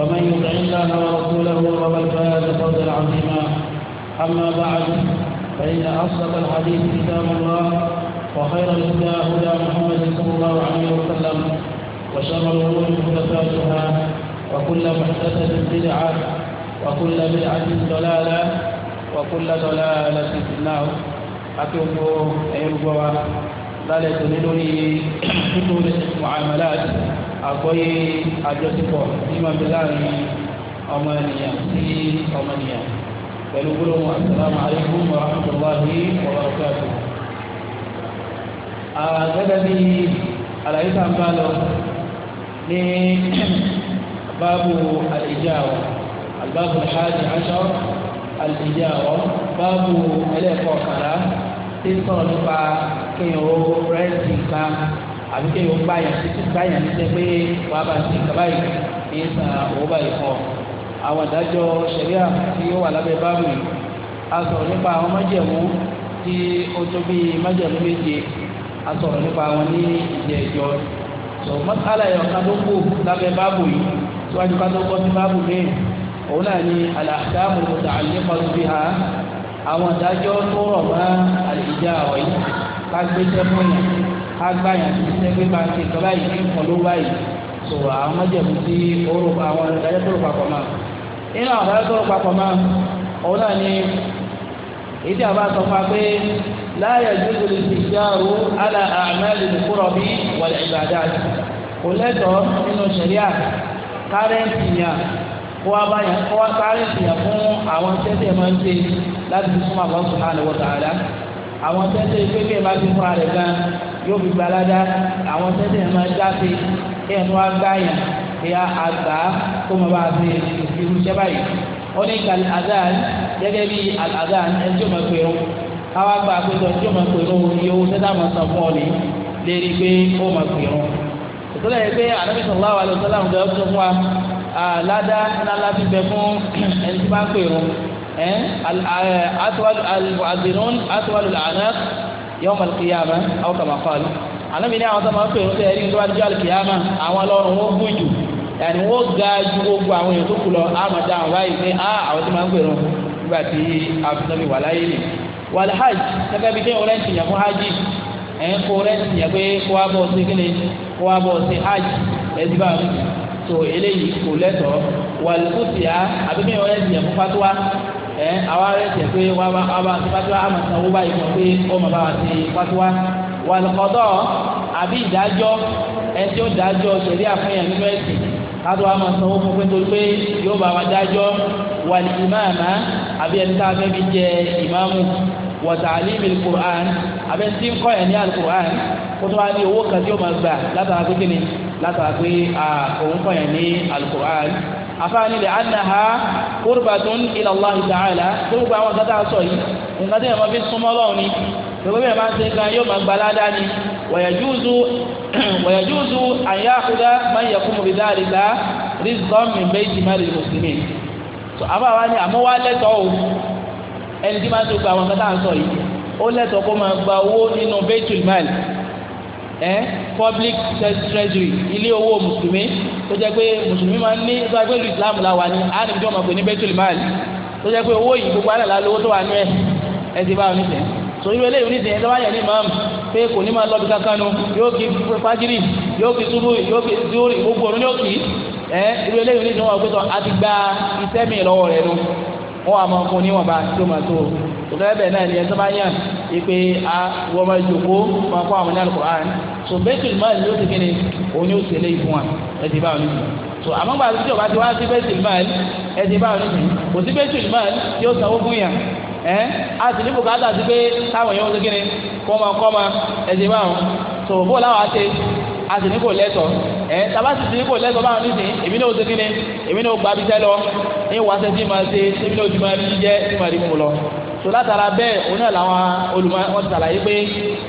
ومن يطع الله ورسوله فقد فاز فوزا عظيما اما بعد فان اصدق الحديث كتاب الله وخير الهدى هدى محمد صلى الله عليه وسلم وشر الامور محدثاتها وكل محدثه بدعه وكل بدعه ضلاله وكل ضلاله في النار اتوب ايها الاخوه ذلك لنري حدود المعاملات àgbọ́yé àjọṣepọ̀ tí máa bẹ láàrin ọmọ ènìyàn sí ọmọ ènìyàn pẹ̀lú gbólóhùn asalaamu alaykum wa rahmatulahi wa bí àlàyé tá a ń bá lọ ní báàbù al-ijawa al-báàbù al-hadi al-ijawa báàbù ẹlẹ́kọ̀ọ́ kàrá tí ń sọ̀rọ̀ nípa kéèyàn ó rẹ́ẹ̀tì kan àbí kéèyàn ó báyà títí báyà ní sẹ́ pé wàá bá ti kaba yìí ní san owó báyìí fún ọ. àwọn ìdájọ́ sẹ̀ríà tí ó wà lábẹ́ báàbù yìí a sọ̀rọ̀ nípa àwọn májẹ̀mú tí ó tó bí májẹ̀mú méje a sọ̀rọ̀ nípa àwọn ní ìjẹ́ ìjọ. sọ mọ́sálà yọ̀ ká tó kù lábẹ́ báàbù yìí síwájú ká tó kọ́ sí báàbù mi òun náà ni al-ahkamu al-muta'alliqatu biha àwọn ìdájọ́ tó rọ̀ mọ́ àlè ìjà ọ̀ yìí ká agbáyàn ti ṣe pé bá ń ṣe ìjọba yìí ní nǹkan ló báyìí so àwọn mọ́jẹ̀mú tí oró àwọn ìdájọ́ tó rò papọ̀ máa nínú àwọn ìdájọ́ tó rò papọ̀ máa òun náà ni èdè àbá sọ fún wa pé láyà jùlọ lè ti jáàrú àlà àmàlì nìkúrọ̀ bí wàlẹ̀ ìbàdà kò lẹ́tọ̀ọ́ nínú ṣẹ̀ríà kárẹ́ǹtì yàn kó wá báyà kó wá kárẹ́ǹtì yàn fún àwọn tẹ́tẹ̀ máa ń ṣe láti fi súnmọ́ sùn náà lọ́wọ́ tààdá àwọn tẹ́tẹ́ ìpínlẹ̀ bá ti fúnra rẹ̀ gan yóò fi gbalada àwọn tẹ́tẹ́ yẹn máa dáse kí ẹ̀ tó wá gbáyà kí á àgbà kó máa bá a fi irú iṣẹ́ báyìí ó ní kàlí azan gẹ́gẹ́ bí azan ẹjọ́ máa pè ó káwá gba àpéjọ ẹjọ́ máa pè ó iye owó tẹ́tẹ́ máa san fún ọ ní lérí pé ó máa pè ó ìtọ́lẹ̀ yẹn pé Ànábì sallallahu alaihi wasallam ń gbẹ́ fún wa ládàá ńlá láti bẹ fún ẹni tí أطول المؤذنون أطول الأعناق يوم القيامة أو كما قال Ànábì ní àwọn tó máa ń pè ń sẹ́yìn ní wájú àlùkìyàmà àwọn ọlọ́run wọ́n gùn jù yàní wọ́n ga ju gbogbo àwọn èèyàn tó kù lọ àmọ́ dá àwọn báyìí pé ah àwọn tó máa ń pèrò nígbà tí àbùsọ̀bì wà hajj gẹ́gẹ́ bí kéwọn rẹ́ǹtì yàn fún hajj ẹ̀ ń kó rẹ́ǹtì yàn pé kó wá bọ̀ sí kíni kó wá bọ̀ hajj ẹ̀sì bá mi tó eléyìí kò lẹ́tọ̀ọ́ wàlẹ̀ kùsìá àbí kéwọn rẹ́ǹtì yàn fún fatuwa ẹ àwa rẹ tẹ pé wà á bá ti fatiwa àmọ́ sàn owó báyìí fún pé ó mà bá wa ti fatiwa wà lọkọdọ àbí ìdájọ́ ẹ tí ó dájọ́ sẹrí àfihàn nínú ẹsìn kátó wa máa sanwó fún pé torí pé yóò bá wa dájọ́ wà ní ìmáàmá àbí ẹni tá a fẹ́ fi jẹ ìmáàmù wa ta'limil Qur'an àbí ẹni tí ń kọ́ ẹ̀ ní al-Qur'an kó tó wá ní owó kan tí ó máa gbà látara pé kíni látara pé òun kọ́ ẹ̀ ní al àfáàní lè anaha qurbatun ila Allah ta'ala tó gbogbo àwọn kátà sọ yìí nǹkan tí yẹn máa fi súnmọ́ lọ́wọ́ ni gbogbo yẹn máa ń ṣe kan yóò máa gba ládàá ni wa yajuzu wa yajuzu an ya'khudha man yaqumu bi dhalika rizqan min bayti malil muslimin tó àbáwá ni àmọ́ wá lẹ́tọ̀ọ́ o ẹni tí máa ń ṣe gbogbo àwọn kátà sọ yìí ó lẹ́tọ̀ọ́ kó máa gba owó nínú baitul ẹ public treasury ilé owó mùsùlùmí tó jẹ́ pé mùsùlùmí máa ń ní tó jẹ́ pé lu islam la wà ní àdìmí tó máa pè ní bẹ́tùlì máàlì tó jẹ́ pé owó yìí gbogbo àlàlà lówó tó wà ní ẹ ẹ ti bá wọn nífẹ̀ẹ́ so irú eléyìí ní ìsìnyẹn tó bá yẹ ní imam pé kò ní máa lọ bí kankan nu yóò kí fajiri yóò kí subu yóò kí zuri gbogbo ọ̀run yóò kí ẹ irú eléyìí ní ìsìnyẹn wọn pé sọ àti gba iṣẹ́ mi lọ́wọ́ rẹ̀ nu wọn àmọ́ fún níwọ̀nba tó máa tó tòtò ẹ̀bẹ̀ náà ni ẹni tó bá yàn ipe a wọ́n máa jòkó kó àwọn ní alukur'an so bẹ́tùl máàlì ló ti kí ni òun yóò tẹ̀lé ìfún wa ẹ̀sìn báwọn nìyí so àmọ́ gba àti ìjọba ti wá sí bẹ́tùl máàlì ẹ̀sìn báwọn nìyí kò sí bẹ́tùl máàlì tí ó sanwó fún yàn ẹ́ a sì ní bùkátà sí pé táwọn yẹn wọ́n ti kí ni kọ́ máa kọ́ máa so bó làwọn á ṣe a sì ní kò lẹ́tọ̀ ẹ taba sì ní kò lẹ́tọ̀ báwọn ní sìn èmi náà ó ṣe èmi náà ó gba abisẹ́ lọ ní wàásẹ̀ ma ṣe èmi náà ti ma rí jẹ́ tí ma rí mu lọ tó látara bẹ́ẹ̀ òun náà làwọn olùmọ̀ wọn ti sàlàyé pé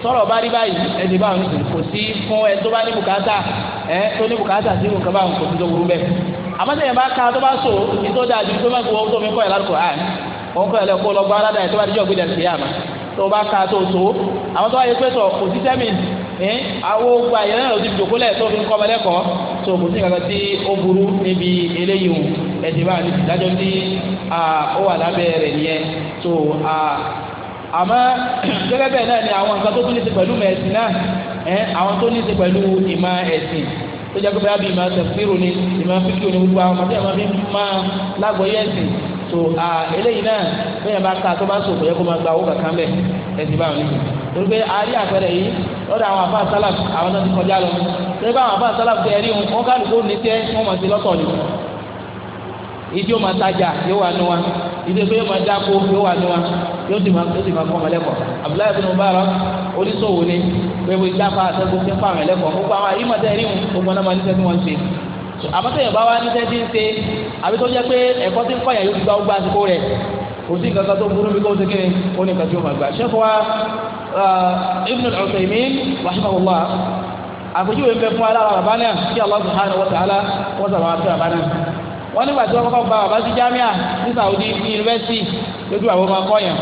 tọrọ bá rí báyìí ẹni bá wọn kò sí fún ẹ tó bá ní bùkátà ẹ tó ní bùkátà sí nǹkan báwọn kò sí tó burú bẹ́ẹ̀ àmọ́tẹ́ yẹn bá ka tó bá so ní tó dáa ju tó mẹ́kọ̀ọ́ owó tó mi kọ́ ẹ̀ lálùkò àn òun kọ́ ẹ̀ lẹ́kọ́ lọ́gbọ́n aládàá yẹn tó bá dijọ́ gbé ẹ àwọn ogun àyè náà lòdì dòkó lẹ̀ tó fi ń kọ́ lẹ́kọ̀ọ́ tó kò sí kankan tí ó burú níbi eléyìí o ẹ̀sìn bá ní ìdájọ́ tí ó wà lábẹ́ rẹ̀ nìyẹn tó àmọ́ ni àwọn nǹkan tó tún ní ti pẹ̀lú ẹ̀sìn náà ẹ àwọn tó ní ti pẹ̀lú ìmọ̀ ẹ̀sìn tó jẹ́ ìmọ̀ ni ìmọ̀ fíkì ni gbogbo àwọn ọmọdé ọmọ fi máa lágbóyè ẹ̀sìn tó eléyìí náà bẹ́ẹ̀ bá ká tó bá sòkò yẹ kó máa gba owó kankan lọ́dọ̀ àwọn àfa sálà àwọn náà ti kọjá lọ lórí bá àwọn àfa sálà tẹ ẹrí wọn wọn kálukú ní tẹ wọn mọ̀ sí lọ́tọ̀ ni ìdí yóò máa tajà yóò wà nù wa ìdí yóò máa dáko yóò wà nù wa yóò sì máa yóò sì máa fọ ọmọlẹ́kọ̀ọ́ Abdullahi bin Mubarak oníṣòwò ni pẹ̀lú ìjáfa àtẹ́gùn fún fáwọn ẹlẹ́kọ̀ọ́ gbogbo àwọn ayé màtẹ́ rí wọn gbogbo ọ̀nà máa níṣẹ́ tí wọ́n ń ṣe àbátẹ̀yìn bá wa níṣẹ́ tí ń ṣe àbí tó jẹ́ pé ẹ̀kọ́ tí ń kọ́ yà yóò gba ọgbà àsìkò ibn al-Uthaymin rahimahullah àpèjúwe ń bẹ fún alára bàbá náà kí Allah subhanahu wa ta'ala wọ́n sàbà àti bàbá náà wọ́n nígbà tí wọ́n kọ́kọ́ gba bàbá sí jámíà ní Saudi ní yunifásitì lójú àwọn ọmọ akọ́yàn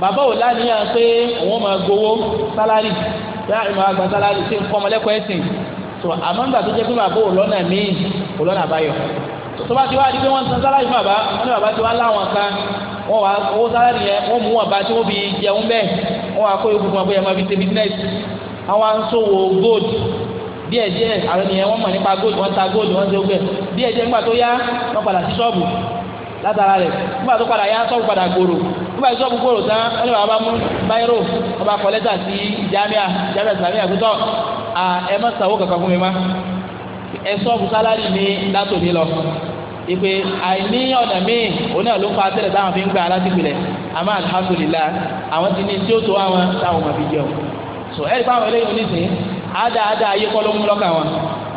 bàbá ò láníyàn pé òun máa gbowó sálárì bá ìmọ̀ àgbà sálárì sí nǹkan ọmọlẹ́kọ̀ọ́ ẹ̀sìn tó àmọ́ nígbà tó jẹ́ pé bàbá ò lọ́nà míì ò lọ́nà àbáyọ tó bá ti wá di pé wọ́n san sálárì fún bàbá wọ́n ní bàbá ti wá láwọn kan wọ́n wá owó sálárì yẹn wọ́n mú wọn bá tí wọ́n fi jẹun bẹ́ẹ̀ wọ́n wá kó yókù fún wa bóyá máa fi ṣe business àwọn à ń ṣòwò gold díẹ̀ díẹ̀ àwọn ènìyàn wọ́n mọ̀ nípa gold wọ́n ta gold wọ́n ṣe gbẹ díẹ̀ díẹ̀ nígbà tó yá wọ́n padà sí ṣọ́ọ̀bù látara rẹ̀ nígbà tó padà yá ṣọ́ọ̀bù padà gbòòrò nígbà tí ṣọ́ọ̀bù gbòòrò tán wọ́n ní bàbá mú báyìrò wọ́n bá kọ lẹ́tà sí jamia jamia islamia gbẹtọ̀ ẹ má sanwó kankan fún mi má ẹ ṣọ́ọ̀bù sálárì mi látòmí lọ ìpè àìní ọ̀nà míì òun náà ló fa tẹ́lẹ̀ táwọn fi ń gbà alátìpìlẹ̀ àmọ́ alhamdulillah àwọn ti ní tí ó tó àwọn táwọn máa fi jẹun so ẹ̀rí fáwọn eléyìí oníṣẹ́ àdá àdá ayé kọ́ ló mú lọ́kàn wọn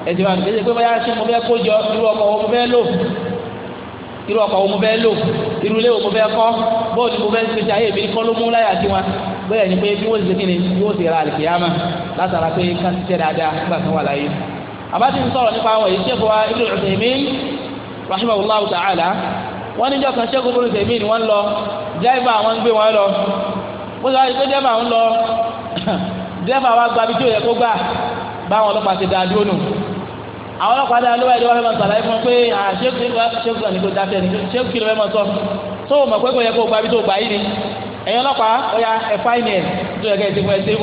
ẹ̀sìn wa nìkejì pé báyà ṣe mo fẹ́ kó jọ irú ọkọ̀ wo mo fẹ́ lò irú ọkọ̀ wo mo fẹ́ lò irú ilé wo mo fẹ́ kọ́ bóòlù mo fẹ́ ṣe ayé mi kọ́ ló mú láyà tí wọn bẹ́ẹ̀ ni pé bí wọ́n ṣe kíni bí wọ́n ṣe ra àlìkìyàmà látara pé ká ṣiṣẹ́ dáadáa nígbà tó wà láyé àbá ti ń sọ̀rọ̀ nípa àwọn èyí ṣẹ́fọ̀ wa ibùdó ọ̀sẹ̀ mi rahimahullahu ta'ala wọ́n níjọ́ kan ṣẹ́gun bọ́lú tèmi ni wọ́n lọ dẹ́rẹ́bà wọn gbé wọn lọ wọ́n sọ pé dẹ́rẹ́bà wọn lọ dẹ́rẹ́bà wa gba bí tí ò yẹ kó gbà báwọn ọlọ́pàá ti dáa dúró nù àwọn ọlọ́pàá dáa lọ́wọ́ ẹ̀dí wọ́n fẹ́ máa sàlàyé fún pé ṣẹ́gun ní kò dákẹ́ ní ṣẹ́gun kí ló fẹ́ máa sọ tó o mọ̀ pé kò yẹ kó gba bí tó gbà yìí ni ẹ̀yin ọlọ́pàá ọ̀ya ẹ̀fá ìní ẹ̀ tó yẹ kẹ́ ẹ̀ ti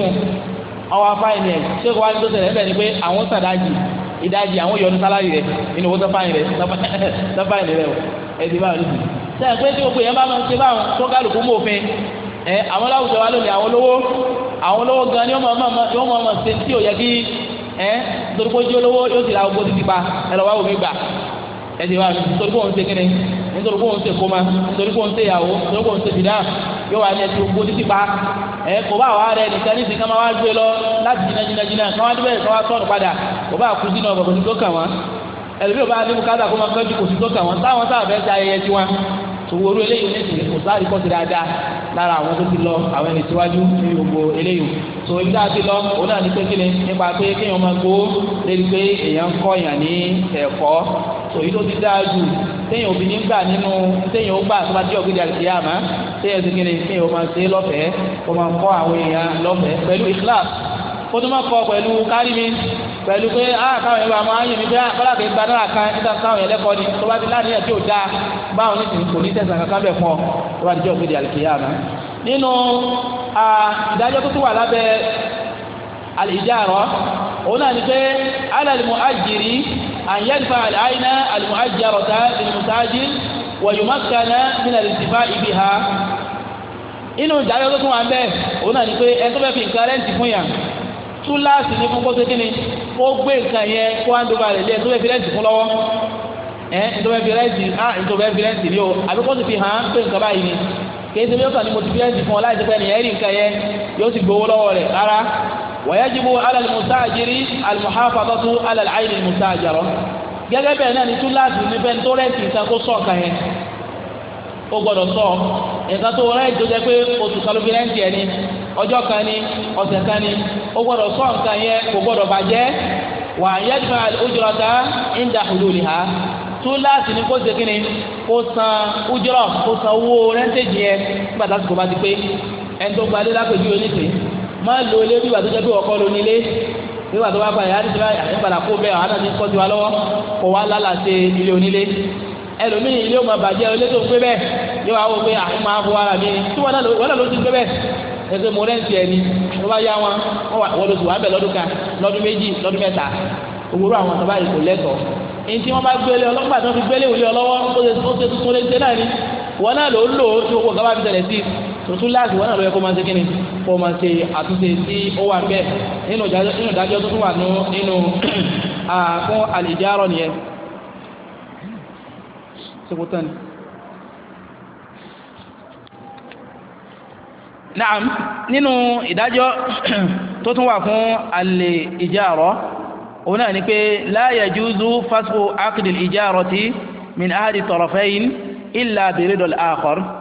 fún ẹ̀ ìdajì àwọn yọ ní sálárì rẹ nínú owó sọfáìn rẹ sọfáìn rẹ o ẹdí báwọn níbi sẹ́yìn pé tí gbogbo yẹn bá máa ń ṣe báwọn tó kálukú mú òfin ẹ àwọn láwùjọ wa lónìí àwọn olówó àwọn olówó gan ni wọ́n máa máa ṣe tí ò yẹ kí ẹ torí pé ojú olówó yóò ti ra ogbó títí pa ẹ lọ wá omi gbà ẹdí báwọn torí pé òun ṣe kíni nítorí kó ń ṣe kóma nítorí kó ń ṣe ìyàwó nítorí kó ń ṣe fìdá yóò wá ní ẹtì gbogbo títí pa ẹ kò bá wà rẹ nìkan ní ìsìn kan máa wá gbé lọ láti jìnnà jìnnà jìnnà kan wá débẹ̀ kan wá tọ̀nù padà kò bá kú jìnnà bàbá tó kàn wọ́n ẹlòmíì bá ní bùkátà kó máa kánjú kò sí tó kàn wọ́n táwọn sáà fẹ́ ṣe ayẹyẹ tiwọn tòwòrò eléyìí ní ìsìn kò sáré kọ́ sí dáadáa lára àwọn tó ti lọ àwọn ẹni síwájú ní gbogbo eléyìí tó ibi tá a ti lọ òun náà ní pé kí ni nípa pé kéèyàn máa gbó lébi pé èèyàn ń kọ́ èèyàn ní ẹ̀kọ́ tó yìí ló ti dáa ju téèyàn òbí ní gbà nínú téèyàn ó gbà tó bá jẹ́ ògidì àti àmọ́ téèyàn ti kiri téèyàn ó máa ṣe lọ́fẹ̀ẹ́ ó máa kọ́ àwọn èèyàn lọ́fẹ̀ẹ́ pẹ̀lú ikhlas ó tún máa kọ́ pẹ̀lú kárí mi pẹ̀lú pé ah, káwọn yẹn bá máa yẹn mi bí ah, bọ́lá kì í gba náírà kan níta káwọn yẹn lẹ́kọ̀ọ́ ni tó bá ti láníyàn tí ò dáa báwọn ní sìn kò ní tẹ̀sán kankan bẹ̀ fún ọ tó bá ti jẹ́ àti àmọ́ nínú ìdájọ́ tó tún wà lábẹ́ alìjáàrọ̀ òun náà ni pé alàlùmọ́ أن يدفع العين المؤجرة للمتاجر ويمكن من الانتفاع بها inú ìdájọ́ tó tún wà ń bẹ́ẹ̀ òun náà ni pé ẹni tó fẹ́ fi nǹkan rẹ́ǹtì fún yàn túláàsì ní fún kóso kínni kó gbé nǹkan yẹn kó wá ń dóba rẹ̀ lé ẹni tó fẹ́ fi rẹ́ǹtì fún lọ́wọ́ ẹ ẹni tó fẹ́ fi rẹ́ǹtì á ẹni tó fẹ́ fi rẹ́ǹtì ni o àbí kó fi hàn án pé nǹkan báyìí ni kì bí ó kàn ní mo ti fi rẹ́ǹtì fún ọ láì ṣe pé ẹnìyẹn rí nǹkan yẹn yóò ti gbowó lọ́wọ́ rẹ̀ rárá wọ́yẹ́jìbò alàlùmùsáàjìrì alùmùháfàtọ́tù alàlàyìn mùsáàjàrọ̀ gẹ́gẹ́ bẹ́ẹ̀ náà ni túláàsì ní bẹ́ẹ̀ tó rẹ́ǹtì nǹkan kó sọ̀ kan yẹn ó gbọ́dọ̀ sọ nǹkan tó rẹ́ǹtì tó jẹ́ pé oṣù kan ló fi rẹ́ǹtì ẹ̀ ni ọjọ́ kan ni ọ̀sẹ̀ kan ni ó gbọ́dọ̀ sọ nǹkan yẹn kò gbọ́dọ̀ bàjẹ́ wà yẹ́dùmá ojúlọ́ta ń da ha túláàsì ní kó ṣe kí san ojúlọ́ kó san owó rẹ́ǹtì yẹn nígbà tásìkò bá ti pé ẹni tó gbalé lápèjúwe nísìnyí má lo ilé bí ìgbà tó jẹ́ pé ọkọ lo nílé nígbà tó bá padà yára ti bá àyàn padà kó bẹ́ẹ̀ àwọn àti kọ́jú wa lọ́wọ́ kò wá lálà ṣe ilé onílé ẹlòmíì ilé ọmọ bàjẹ́ ilé tó ń gbé bẹ́ẹ̀ yóò wá wọ pé àwọn ah, máa fọ ara mi tí wọ́n náà ló ti gbé bẹ́ẹ̀ ẹgbẹ́ mo rẹ́ǹtì ẹ̀ wọ́n bá yá wọn wọ́n lọ sí wàá bẹ̀ lọ́dún kan lọ́dún méjì lọ́dún mẹ́ta òwúrò àwọn àtàbà yìí kò lẹ́tọ̀ọ́ èyí tí wọ́n bá gbélé ọlọ́pàá tó fi gbélé òlé ọlọ́wọ́ ó ṣe tuntun lé náà ni wọ́n náà ló ń lò ó tí owó kaba fi tẹ̀lẹ̀ sí i tuntun láti wọn náà ló yẹ kó máa ṣe kíni kó máa ṣe àtúnṣe tí ó wà bẹ́ẹ̀ nínú ìdájọ́ tó tún wà nínú fún àlìjárọ̀ nìyẹn. sèkútàn ni. naam nínú ìdájọ́ tó tún wà fún àlìjárọ̀ òun náà ni pé la yajuzu fasfu aqdil ijarati min ahadi tarafayn illa biridul akhar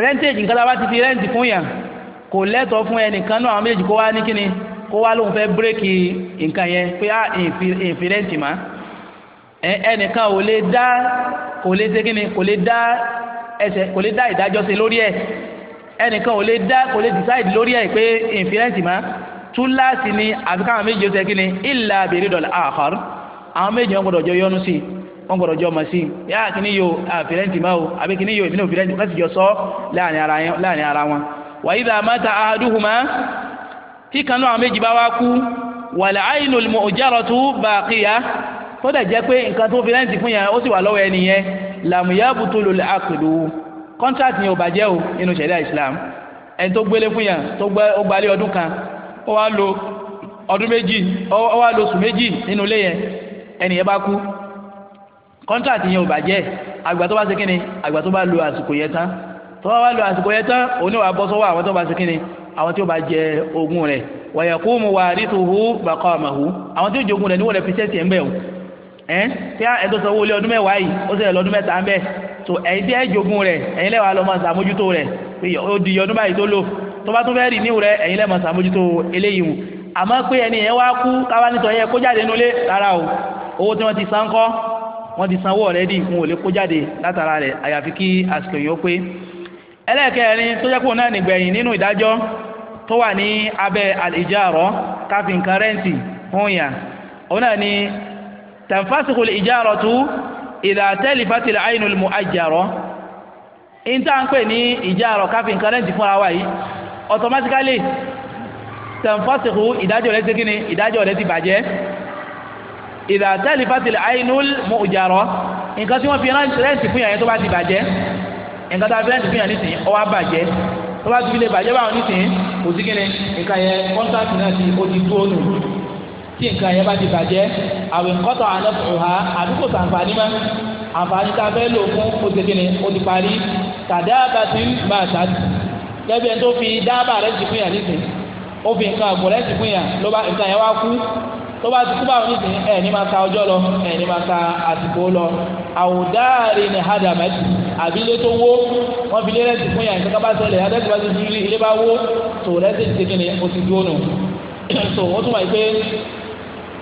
rẹ́ńtéèjì nǹkan tá a bá ti fi rẹ́ǹtì fún yàn kò lẹ́tọ̀ọ́ fún ẹnìkan náà àwọn méjèèjì kó wá ní kíni kó wá lóun fẹ́ bírèkì nǹkan yẹn pé á èèfì rẹ́ǹtì má ẹnìkan ò lè dá kò lè ṣe kíni kò lè dá ẹsẹ̀ kò lè dá ìdájọ́ ṣe lórí ẹ̀ ẹnìkan ò lè dá kò lè decide lórí ẹ̀ pé èèfì rẹ́ǹtì má túláàsì ni àfikún àwọn méjèèjì ó ṣe kíni ìlà àbèrè dọ̀là àkọ́rọ́ àwọn méjèèjì wọn gbọdọ̀ jọ yọnu sí i wọ́n gbọ́dọ̀ jọ ọmọ sí i yá kíní yo àfìrẹ́ǹtì máa o àbí kíní yo èmi náà òfìrẹ́ǹtì láti jọ sọ láàrin ara wọn. wa idha mata ahaduhuma tí kanú àwọn méjì bá wá kú wal aynul mu'jaratu baqiya tó dẹ̀ jẹ́ pé nǹkan tó fìrẹ́ǹtì fún yẹn ó sì wà lọ́wọ́ ẹni yẹn lam yabtulul aqdu kọ́ńtàtì yẹn ò bàjẹ́ o nínú ṣẹ̀ríà Islam ẹni tó gbélé fún yẹn tó gbalé ọdún kan ó wá lo ọdún méjì kọ́ńtàtì yẹn ò bàjẹ́ àgbà tó bá ṣe kíni àgbà tó bá lo àsìkò yẹn tán tó bá lo àsìkò yẹn tán òun yóò bọ́ sọ́wọ́ àwọn tó bá ṣe kíni àwọn tí ó bá jẹ ogún rẹ̀ wa yaqumu warithuhu maqamahu àwọn tí ó jogún rẹ̀ níwọ̀n rẹ̀ fi sẹ́sì ẹ̀ ń bẹ̀ o ẹ́ tí ẹ tó sanwó ilé ọdún mẹ́wàá yìí ó ṣẹlẹ̀ lọ́dún mẹ́ta ń bẹ̀ tó ẹ̀yin tí ẹ jogún rẹ̀ ẹ̀yin lẹ́wàá lọ́mọ sàmójútó rẹ̀ ó di ọdún báyìí tó lò tó bá tún fẹ́ rì níwò rẹ̀ ẹ̀yin lẹ́mọ sàmójútó eléyìí wù àmọ́ pé ẹni yẹn wá kú káwá nítorí ẹ kó jáde nulẹ̀ rárá o owó tí wọ́n ti san kọ́ wọ́n ti sanwó ọ̀rẹ́dì wọn ò lè kó jáde látara rẹ̀ àyàfi kí àsìkò yìí ó pé ẹlẹ́ẹ̀kẹrin tó jẹ́ kó náà nìgbẹ̀yìn nínú ìdájọ́ tó wà ní abẹ́ al-ijara káfí nǹkan fún yàn òun náà ni tanfasikul ijaratu idha talifatil aynul mu'ajjara in tá à ń pè ní ìjárọ̀ káfí nǹkan rẹ́ǹtì fúnra wa yìí automatically tanfasiku ìdájọ́ rẹ̀ ti kíni ìdájọ́ rẹ̀ ti bàjẹ́ idha talifatil ainul mu'jara nǹkan tí wọ́n fi rẹ́ǹtì fún yàn yẹn tó bá ti bàjẹ́ nǹkan tó bá fi rẹ́ǹtì fún yàn nísìnyí ó wá bàjẹ́ tó bá ti fi lè bàjẹ́ báwọn nísìnyí kò sí kíni nǹkan yẹn kọ́ńtàkì náà ti ó ti tó nù tí nǹkan yẹn bá ti bàjẹ́ àwìn kọ́tọ̀ àlọ́fọ̀ọ́há àdúgbò sàǹfààní mọ́ àǹfààní tá a fẹ́ lò fún oṣèkìnnì ó ti parí tàdáàbà tí máa ti fún yà nísìn tó bá ti kú báwọn ní sìn ẹ̀ ní máa ka ọjọ́ lọ ẹ̀ ní máa ka àsìkò lọ àwòdáàrí ni hadamat àbí ilé tó wó wọ́n fi lé rẹ́sì fún yàn ìtọ́ka bá ṣẹlẹ̀ adẹ́sì bá ti ju ilé bá wó tó rẹ́sì ti kéde o ti dúró nù tó o tún wáyé pé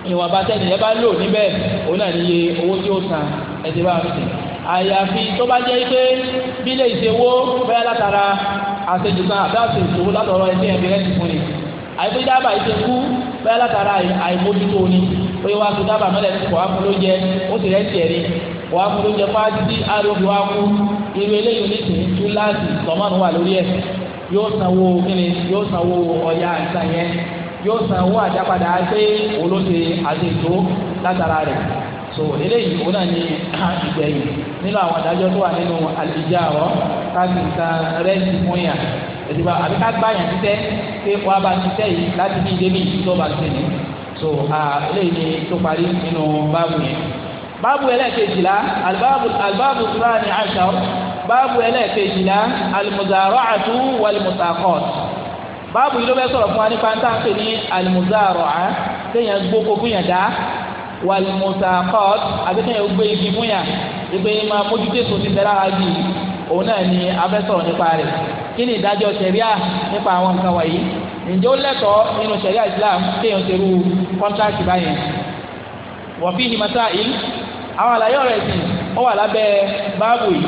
ìwọ̀n abatẹ́ni ẹ bá lò níbẹ̀ òun náà níye owó tí ó san ẹ̀ ti bá wọn sìn àyàfi tó bá jẹ́ pé bí ilé ìṣèwó fẹ́ látara àṣejù kan àbí àṣejù látọ̀rọ̀ ẹni ẹ̀bí rẹ́sì fún ni àyẹ̀fọ́ yìí dábàá yìí ti kú bẹ́ẹ̀ látara àìmójútó ni ó yẹ wá sọ dábàá mẹ́lẹ̀ kò wá fún lóúnjẹ ó sì rẹ́ tiẹ̀ ni kò wá fún lóúnjẹ fún àti àrùn wá kú irú eléyìí ní tì tú láti tọ́mọ́nù wà lórí ẹ̀ yóò sanwó kíni yóò sanwó ọ̀yà àìsàn yẹn yóò sanwó àjápadà pé òun àti ètò látara rẹ̀ so eléyìí òun náà ní ìgbẹ̀yìn nínú àwọn adájọ́ tó wà nínú àlejò àwọ̀ káàdì nǹkan rẹ́ẹ̀sì fún yà ẹ̀dùbà àbí ká gbá yàn títẹ́ pé wàá bá títẹ́ yìí láti bí débi tó bá ti ní so eléyìí ni tó parí nínú báàbù yẹn. báàbù ẹlẹ́ẹ̀kejìlá albáàbù sùrà ní àṣà báàbù ẹlẹ́ẹ̀kejìlá almuzara'atu walmusaqat báàbù yìí ló fẹ́ sọ̀rọ̀ fún wa nípa táǹkì ní almuzara'a wàlmùsàkọ́t àbíkẹ́ yẹn gbé igi fún yà ìgbé ma mójútèso ti bẹ̀rẹ̀ ara jì òun náà ni abẹ́sọ̀rọ̀ nípa rẹ̀ kí ni ìdájọ́ ṣẹ̀ríà nípa àwọn nǹkan wọ̀nyí ǹjẹ́ ó lẹ́tọ̀ọ́ nínú ṣẹ̀ríà Islam kéèyàn ṣerú kọ́ńtrákì báyẹn wọ̀fí ni masáìl àwọn àlàyé ọ̀rọ̀ ẹ̀sìn ó wà lábẹ́ báàbù yìí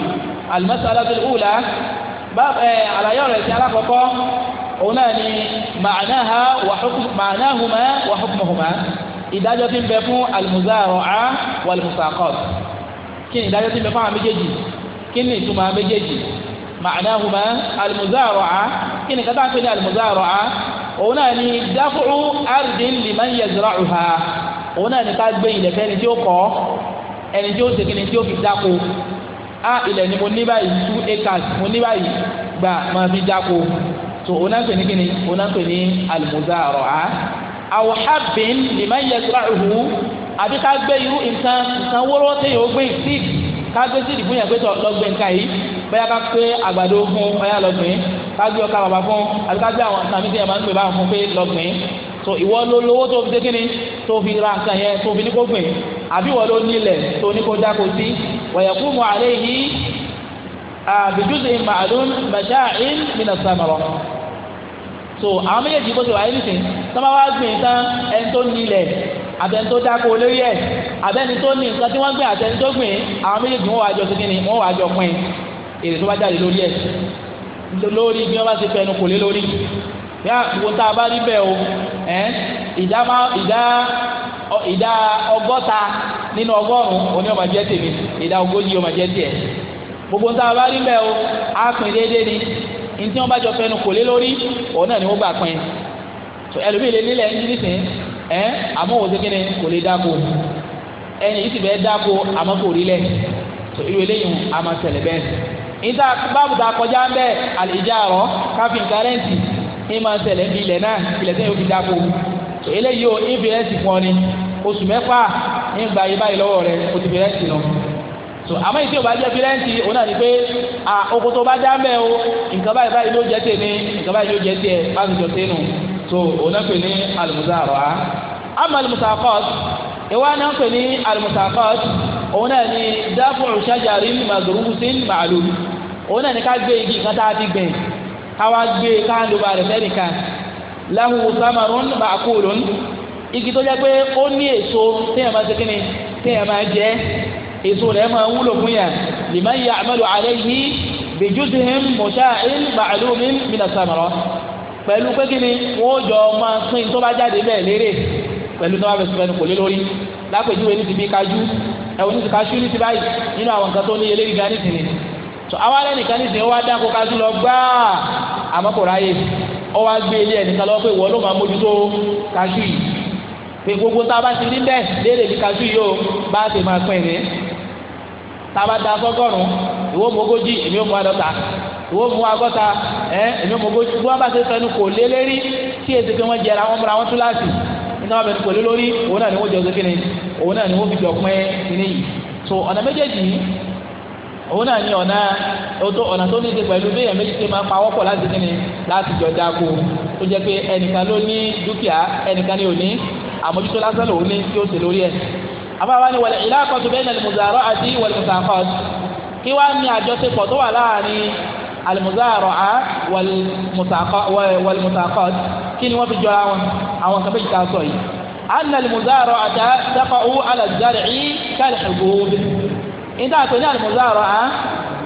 al-mas'alatul ula àlàyé ọ̀rọ̀ ẹ̀sìn alákọ̀ọ́kọ́ òun náà ni ma'naha wa hukmuhuma ìdájọ́ tí ń bẹ fún alimuzaroa walimusakot kí ni ìdájọ́ tí ń bẹ fún àwọn méjèèjì kí ni ìtumọ̀ méjèèjì ma'anahuma alimuzaroa kí ni kátà pé ní alimuzaroa òun náà ni dáfúrú ardin liman yazra'uha òun náà ni ká gbé ilẹ̀ fẹ́ni tí ó kọ́ ẹni tí ó ṣe kí ni tí ó fi dáko a ilẹ̀ ni mo ní báyìí two acres mo ní báyìí gbà máa fi dáko so òun náà pè ní kí ni òun náà pè ní alimuzaroa aw habbin liman yazra'uhu àbí ká gbé irú nǹkan nǹkan wọ́rọ́ tẹ̀yìn ó gbé seed ká gbé seed fún yàn pé tọ̀ lọ́gbẹ̀ nǹkan yìí bóyá ká pé àgbàdo fún ọyá lọ́gbìn ká gbé ọkà bàbá fún àbí ká gbé àwọn nǹkan mi tẹ̀yìn máa ń pè báwọn fún pé lọ́gbìn so ìwọ ló lówó tó fi dé kíni tó fi ra nǹkan yẹn tó fi ní kó gbìn àbí ìwọ ló nílẹ̀ tó ní kó dáko sí wa yaqumu alayhi ah, bi juz'in ma'lum masha'in min as-samara so àwọn méjèèjì bó ti wà yìí nìsín tọ́ba wá gbìn tán ẹni tó nílẹ̀ àtẹni tó dáko lórí ẹ̀ àtẹni tó ní nǹkan tí wọ́n gbìn àtẹni tó gbìn àwọn méjèèjì wọ́n wá jọ sí kíni wọ́n wá jọ èrè tó bá jáde lórí lórí bí wọ́n bá ti fẹnu kò lé lórí yá wo tá a bá rí bẹ́ẹ̀ o ìdá ọgọ́ta nínú ọgọ́rùn-ún òní ọmọ jẹ́ tèmi ìdá ogójì gbogbo tá a bá rí o á ní tí wọ́n bá jọ fẹnu kò lé lórí òun náà ni wọ́n gbà pín ẹlòmíì lè nílẹ̀ ẹni nísìn ẹ àmọ́ òun ṣẹ́kẹ́ni kò lè dáko ẹni yìí sì bẹ́ẹ̀ dáko àmọ́ kò rí lẹ̀ irú eléyìí àmọ́ tẹ̀lé bẹ́ẹ̀ níta báàbù tá a kọjá ń bẹ́ẹ̀ àlèjá àrọ́ káfí nkárẹ́ǹtì ní máa tẹ̀lé bí ilẹ̀ náà ilẹ̀ tẹ́lẹ̀ òfin dáko eléyìí o ìfìrẹ́ǹtì fún ọ ni oṣù mẹ́fà ń gba ibà ìlọ́wọ́ rẹ o ti fìrẹ́ǹtì lọ so àmọ́ ìdí òbá jẹ́ fílẹ́ǹtì òun náà ni pé à oko tó bá dá mẹ́ o nǹkan báyìí báyìí ló jẹ́ tèmi nǹkan báyìí ló jẹ́ tiẹ̀ báyìí jọ tẹ́nu so òun náà pè ní alimusaaroa ama alimusaakọ́t ìwà náà pè ní alimusaakọ́t òun náà ni dáàbò ṣájàrí màdùrúsìn màálù òun náà ni ká gbé igi kan tá a ti gbìn ká wá gbé káàndó ba rẹ̀ fẹ́nìkan lahu samarun ma'kulun igi tó jẹ́ pé ó ní èso téèyàn èso rẹ̀ máa wúlò fún yà عليه ya'malu alayhi bi من musha'in ma'lumin min as-samara pẹ̀lú pé kí ni wọ́n jọ máa pín tó bá jáde bẹ́ẹ̀ lérè pẹ̀lú tó bá fẹsùn fẹnu kò lé lórí lápèjúwe ní ti bí kájú ẹ̀wọ̀n ní ti kájú ní ti báyìí nínú àwọn nǹkan tó ní eléyìí gan nìsín ni tó àwa lẹ́nìkan nìsín ó wá dáko kájú lọ gbáà àmọ́ kò ráyè ó wá gbé ilé ẹ̀nìkan lọ pé ìwọ ló máa mójútó kájú yìí pé gbogbo tá a bá ti rí bẹ́ẹ̀ lérè ní kájú yìí ó bá a ti máa pín tába da sọ́gọ́rùn ìwọ mọ́gójì èmi ò mú àdọ́ta ìwọ mú àgọ́ta ẹ èmi ò mọ́gójì bí wọ́n bá ti fẹnu kò lé lérí tí èsì pé wọ́n jẹra wọ́n múra wọ́n tú láàsì iná wọn bẹ̀rù kò lé ni wọ́n jọ sí kíni òun ni wọ́n fi jọ pín kíní so ọ̀nà méjèèjì yìí òun náà ni ọ̀nà ọ̀nà tó ní ti pẹ̀lú bí èèyàn méjì ti máa pa wọ́pọ̀ láti kíni láti jọ dáko tó jẹ́ pé ẹnìkan ló ní dúkìá ẹnìkan ni ò ní àmójútó lásán lòun ní tí ó ṣe lórí ẹ̀ àbáwá ni wal ilaqatu bayna al-muzara'ati wal-musaqat kí wá ní àjọṣepọ̀ tó wà láàrin al-muzara'a wal-musaqat kí ni wọ́n fi jọra wọn àwọn kan méjì tá a sọ yìí anna al-muzara'ata taqa'u ala az-zar'i kal-hubub níta àtò ní al-muzara'a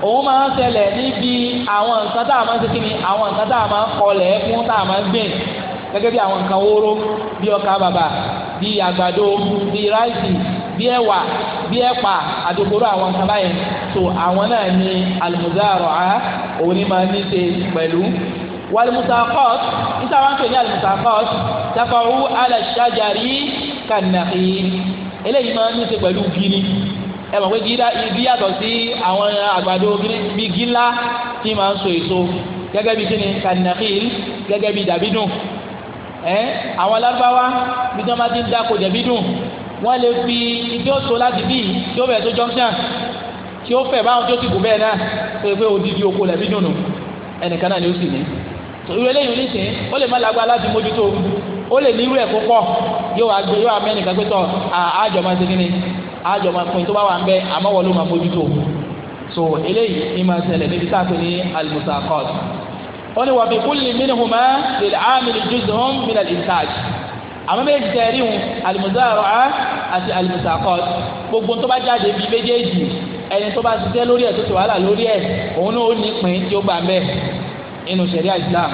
òun máa ń ṣẹlẹ̀ níbi àwọn nǹkan tá a máa ń ṣe kí àwọn nǹkan tá a máa ń kọlẹ̀ fún tá a máa ń gbìn gẹ́gẹ́ bí àwọn nǹkan wóró bí ọkà bàbà bí àgbàdo bí ráìsì bí ẹ̀wà bí ẹ̀pà àdókòrò àwọn nǹkan báyìí tó àwọn náà ní al-muzara'a òun ni máa ní ṣe pẹ̀lú wal-musaqat níta wọn pè ní al-musaqat taqa'u 'ala ash-shajari kan-nakhil eléyìí máa ní ṣe pẹ̀lú gíní ẹ mọ̀ pé gíní yàtọ̀ sí àwọn àgbàdo bí gíńlá tí máa ń so èso gẹ́gẹ́ bí kíni kan-nakhil gẹ́gẹ́ bí dàbídùn ẹ àwọn alábáwá bí wọ́n bá ti ń dáko dàbídùn wọ́n lè fi ibi ó tó láti bí tí ó bẹ̀rẹ̀ tó junction tí ó fẹ̀ báwọn tí ó sì kú bẹ́ẹ̀ náà pé pé odidi oko lẹ̀ dùnú ẹnìkan náà ni ó sì ní ìwé lẹ́yìn oníṣẹ́ ó lè má lágbára láti mójútó ó lè nírú ẹ̀ púpọ̀ yóò wá gbé yóò wá mẹ́nìkan pé tọ́ máa ṣe kí ni àjọ máa pin tó bá wà ń bẹ àmọ́ wọ́n ló máa mójútó so eléyìí ni máa ṣẹlẹ̀ níbi àwọn méjì tẹ rí wọn al-muzara'a àti al-musaqat gbogbo tó bá jáde bíi méjèèjì ẹni tó bá ṣiṣẹ́ lórí ẹ̀ tó ti wàhálà lórí ẹ̀ òun náà ó ní pín tí ó gbà mẹ́ inú ṣẹ̀ríà Islam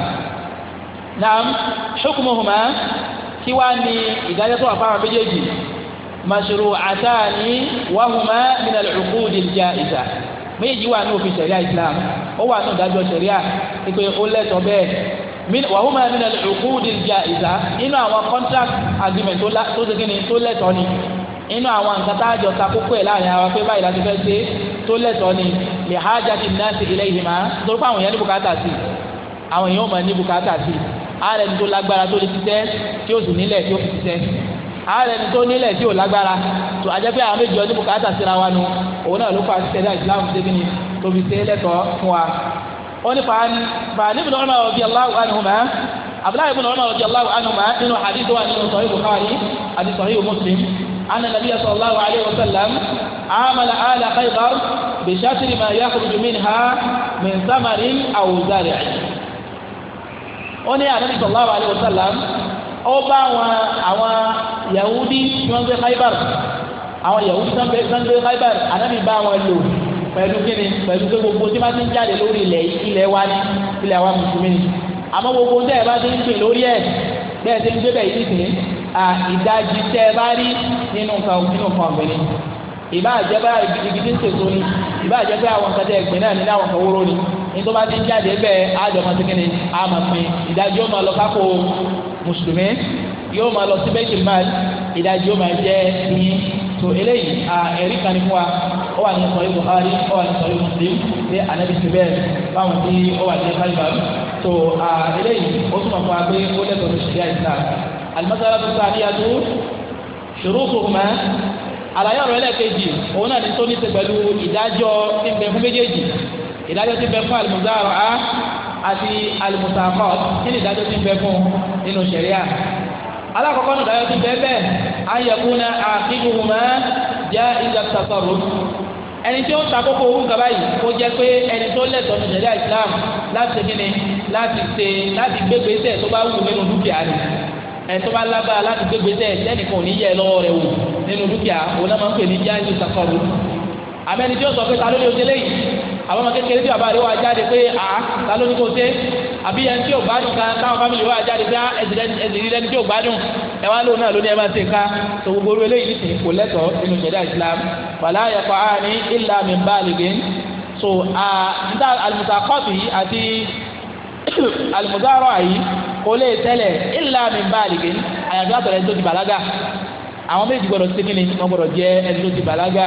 naam hukmuhuma kí wá ní ìdájọ́ tó wà fáwọn méjèèjì mashru'atani wa huma min al-uqud al-ja'iza méjèèjì wà ní òfin ṣẹ̀ríà Islam ó wà ní ìdájọ́ ṣẹ̀ríà pé wàhùn máa nínú ìkúdì ìjà ìzá inú àwọn contract agreement tó ṣe kíni tó lẹ́tọ̀ọ́ ni inú àwọn nǹkan tá a jọ ta kókó ẹ̀ láàrin ara pé báyìí láti fẹ́ ṣe tó lẹ́tọ̀ọ́ ni lè ha jáde ní láti ilé ìhìmá torí pé àwọn èèyàn ní bùkátà sí àwọn èèyàn máa ní bùkátà sí ààrẹ ni tó lágbára tó lè ṣiṣẹ́ tí ó sì nílẹ̀ tí ó fi ṣiṣẹ́ ààrẹ ni tó nílẹ̀ tí ò lágbára tó a jẹ́ pé àwọn méjì ọ ní bùkátà síra wa nu òun náà ló fà ṣiṣẹ́ dá ìsìláàmù wọ́n ní fàánì fàánì ibn Umar radiyallahu anhuma abdullahi ibn Umar radiyallahu anhuma nínú hadith wa nínú sahih bukhari àti sahih muslim anna nabiyya sallallahu alayhi wa sallam amala ala khaybar bi shatri ma yakhruju minha min thamarin aw zari'in wọ́n ní anabi sallallahu alayhi wa sallam ó bá àwọn àwọn yahudi tí wọ́n khaybar àwọn yahudi tí wọ́n gbé khaybar anabi bá wọn lò pẹ̀lú kíni pẹ̀lú pé gbogbo tí wọ́n ti ń jáde lórí ilẹ̀ ilẹ̀ wa ní ilẹ̀ wa mùsùlùmí ni àmọ́ gbogbo tẹ́ ẹ bá ti ń pè lórí ẹ̀ bẹ́ẹ̀ ti ń gbé bẹ́ẹ̀ yìí sìn à ìdajì tẹ́ ẹ bá rí nínú nǹkan nínú nǹkan ọ̀gbìn ni ìbá àjẹbá gidigidi ń sèso ni ìbá àjẹbá àwọn nǹkan tẹ́ ẹgbẹ́ náà nínú àwọn kan wóró ni nítorí wọ́n bá ti ń jáde bẹ́ẹ̀ àjọ ti kíni àmọ̀ pin ìdajì yóò máa lọ kákó mùsùlùmí yóò máa lọ sí bẹ́ẹ̀ ìdajì yóò máa jẹ́ yín tó eléyìí a ẹ̀rí kan ní fún wa ó wà ní sọ̀rọ̀ Buhari ó wà ní sọ̀rọ̀ Muslim ṣé ànábi ti bẹ́ẹ̀ báwọn tí ó wà ní kálíbà tó a eléyìí ó túmọ̀ fún wa pé ó lẹ́tọ̀ọ́ ní ṣẹ̀ríà Islam alimọ́sára tó sáà níyà tó ṣòro kò mọ́ àlàyé ọ̀rọ̀ ẹlẹ́ẹ̀kejì òun náà ní tó ní ṣe pẹ̀lú ìdájọ́ bẹ fún méjèèjì ìdájọ́ tí bẹ fún alimusaro a àti alimusakọ kí ni ìdájọ́ tí ń bẹ fún nínú ṣẹ̀ríà alákọ̀ọ́kọ́ nù dáyọ́ ti bẹ́ẹ̀ bẹ́ẹ̀ ayẹ̀kúnná àfihùnmá jẹ́ ìjàpùtàtọ̀rọ̀ ẹni tí ó ń ta kókó owó gaba yìí kó jẹ́ pé ẹni tó lẹ́tọ̀ọ́ ní sẹ̀ríà Islam láti kíni láti ṣe láti gbégbèsè tó bá wù nínú dúkìá rẹ̀ ẹni tó bá lágbára láti gbégbèsè lẹ́nìkan ò ní yẹ lọ́wọ́ rẹ̀ wò nínú dúkìá òun náà pè ní jáde ìjàpùtàtọ̀rọ̀ àmẹ́ni tí ó sọ pé ta ló lè ojúlé yìí àwọn ọmọ kékeré tí bàbá rẹ̀ wá jáde pé à ta ló ní kó ṣe àbí ẹni tí ò gbádùn kan táwọn fámìlì wá jáde pé ẹ̀sìn lẹni tí ò gbádùn ẹ wá lóun náà ló ní ẹ máa ṣe ká tó gbogbo orí eléyìí ní sìn kò lẹ́tọ̀ọ́ nínú ìṣẹ̀dá Islam wàlá ayẹ̀kọ́ àní ìlà mi bá àlejò so níta alimusakọ́tì àti alimusarọ́ yìí kò lè tẹ́lẹ̀ ìlà mi bá àlejò àyàfi àtọ̀rẹ́ tó ti bàlágà àwọn méjì gbọ́dọ̀ ṣe kí ni wọ́n gbọ́dọ̀ jẹ́ ẹni tó ti bàlágà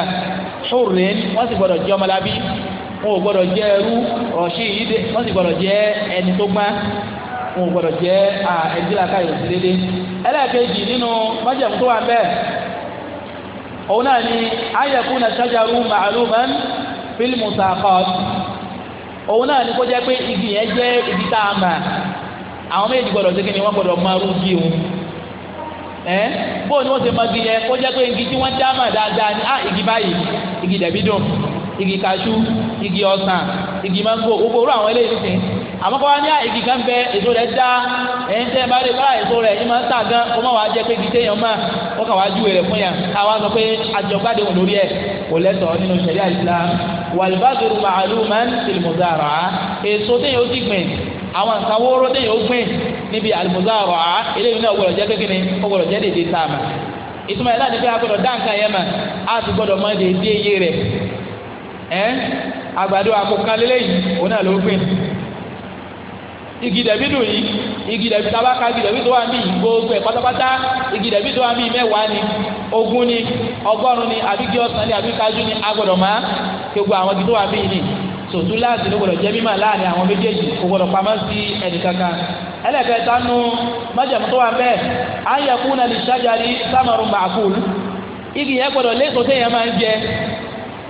ṣòrin wọ́n wọn ò gbọ́dọ̀ jẹ́ ẹrú rọ̀ṣí yìí dé wọ́n sì gbọ́dọ̀ jẹ́ ẹni tó gbá wọn ò gbọ́dọ̀ jẹ́ ẹni tó ká yòó sí dédé ẹlẹ́ẹ̀kejì nínú májèmú tó wà bẹ́ẹ̀ òun náà ni ayẹ̀kún na ṣájàrú màálùmán fílmù sàkọ́t òun náà ni kó jẹ́ pé igi yẹn jẹ́ igi tá a mà àwọn méjì gbọ́dọ̀ sí kíni wọ́n gbọ́dọ̀ máa rú bí wọn ẹ bóun ni wọ́n ti máa gi yẹn kó jẹ́ pé igi tí wọ́n dá mà dáadáa ni ah igi báyìí igi dẹ̀bí dùn igi kaṣú igi ọsàn igi mango gbogbo orú àwọn eléyìí ti àmọ́ kọ́ wa ní igi kan bẹ èso rẹ̀ dá ẹ̀ ń bá rí bá èso rẹ̀ yìí máa ń tà gan kó má wàá jẹ́ pé igi téèyàn máa wọ́n kà wàá júwe rẹ̀ fún yà káwa sọ pé àjọgbádé wò lórí ẹ̀ kò lẹ́tọ̀ọ́ nínú ṣẹ̀ríà Islam wàlúbàdùrù màálù máa ń tìlùmùsàrà èso téèyàn ó ti gbìn àwọn nǹkan téèyàn ó gbìn níbi àlùmùsàrà eléyìí náà gbọdọ̀ jẹ́ kékeré ó gbọdọ̀ jẹ́ dèdè sáàmà ìtumọ̀ ẹ̀ láti fi ẹ àgbàdo àkókan lélẹyìn òun náà ló gbìn igi dẹbi dùn yìí igi dẹbi tá a bá ka igi dẹbi tó wà mí gbogbo ẹ pátápátá igi dẹbi tó wà mí mẹ́wàá ni ogún ni ọgọ́rùn ni àbí kí ọsàn ni àbí ni agbọ́dọ̀ àwọn igi tó wà mí ni sòtú láti ló jẹ láàrin àwọn méjèèjì kò sí kankan ẹlẹkẹta nu májàmú tó wà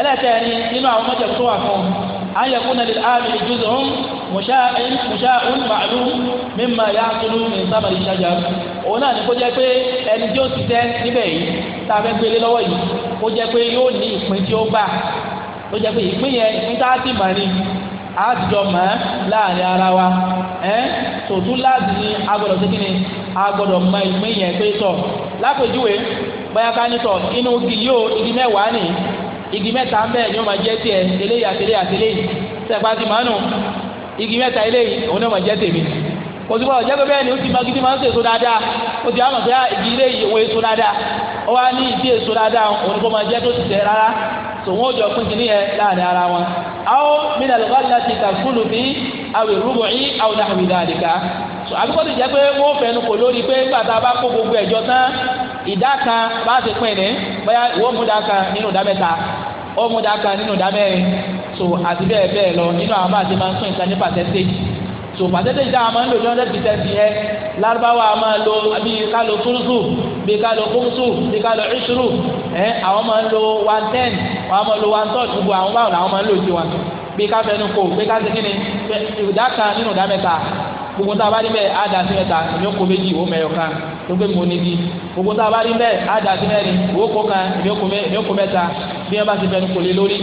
ẹlẹ́kẹ̀ẹ́rin nínú àwọn mọ́jẹ̀kú tó wà fún an yakuna lil amili juz'un musha'un musha'un ma'lum mimma ya'kulu min samari shajar òun náà ní kó jẹ́ pé ẹni tí ó ti tẹ́ níbẹ̀ yìí tá a fẹ́ gbélé lọ́wọ́ yìí kó jẹ́ pé yóò ní ìpín tí ó gbà tó jẹ́ pé ìpín yẹn ìpín tá a ti mọ̀ ni a ti jọ mọ̀ ẹ́ láàrin ara wa ẹ́ tòtú láti ní agbọ́dọ̀ sí kíni agbọ́dọ̀ mọ ìpín yẹn pé tọ̀ lápèjúwe ní tọ̀ inú igi yóò igi mẹ́wàá nìyí igi mẹ́ta ń bẹ ni ó máa jẹ́ tiẹ̀ eléyìí àtẹlẹ́yìí àtẹlẹ́yìí sẹ́pà ti máa nù igi mẹ́ta eléyìí òun náà máa jẹ́ tèmi kò sí bọ́ọ̀ ni ó ti máa gidi máa ń sèso dáadáa ó ti àmọ̀ pé ah, igi eléyìí òun èso dáadáa ó wá ní ìdí èso dáadáa òun kò máa jẹ́ tó ti tẹ̀ rárá tòun ó jọ pín kìnìyẹn láàrin ara wọn. àwọn mìíràn lọ́kọ́ láti tàkùlù bí àwẹ̀ rúbọ̀ yìí àwọn àwìn dáadìka àbíkọ́ ti jẹ́ pé wọ́n fẹnu kò lórí pé nígbà tá a bá kó gbogbo ẹ̀jọ tán ìdá kan bá ti pín ní bóyá ìwọ́n mú ìdá kan nínú ìdá mẹ́ta ó mú dáka nínú ìdá mẹ́rin so àti bẹ́ẹ̀ bẹ́ẹ̀ lọ nínú àwọn bá máa ń sún ìta ní pàtẹ́tẹ́jì so pàtẹ́tẹ́jì táwọn máa ń lò ní hundred percent yẹn lárúbáwá máa lo bí ká lo kúrúsù bí ká lo kúrúsù bí ká lo ìṣúrù ẹ àwọn máa ń lo one ten àwọn máa ń lo one third gbogbo àwọn báwọn làwọn máa ń lò sí wọn bí ká fẹnu kò bí ká segin ni ìdá kan nínú ìdá mẹ́ta gbogbo táwọn bá níbẹ̀ á dà sí mẹ́ta ìyókù méjì ó mẹ́yọ̀ kan tó gbé mo níbi gbogbo tá a bá rí bẹ́ẹ̀ á dà sí mẹ́rin ìwé kó kan ìwé kó mẹ́ta bí wọ́n bá ti fẹnu kò lé lórí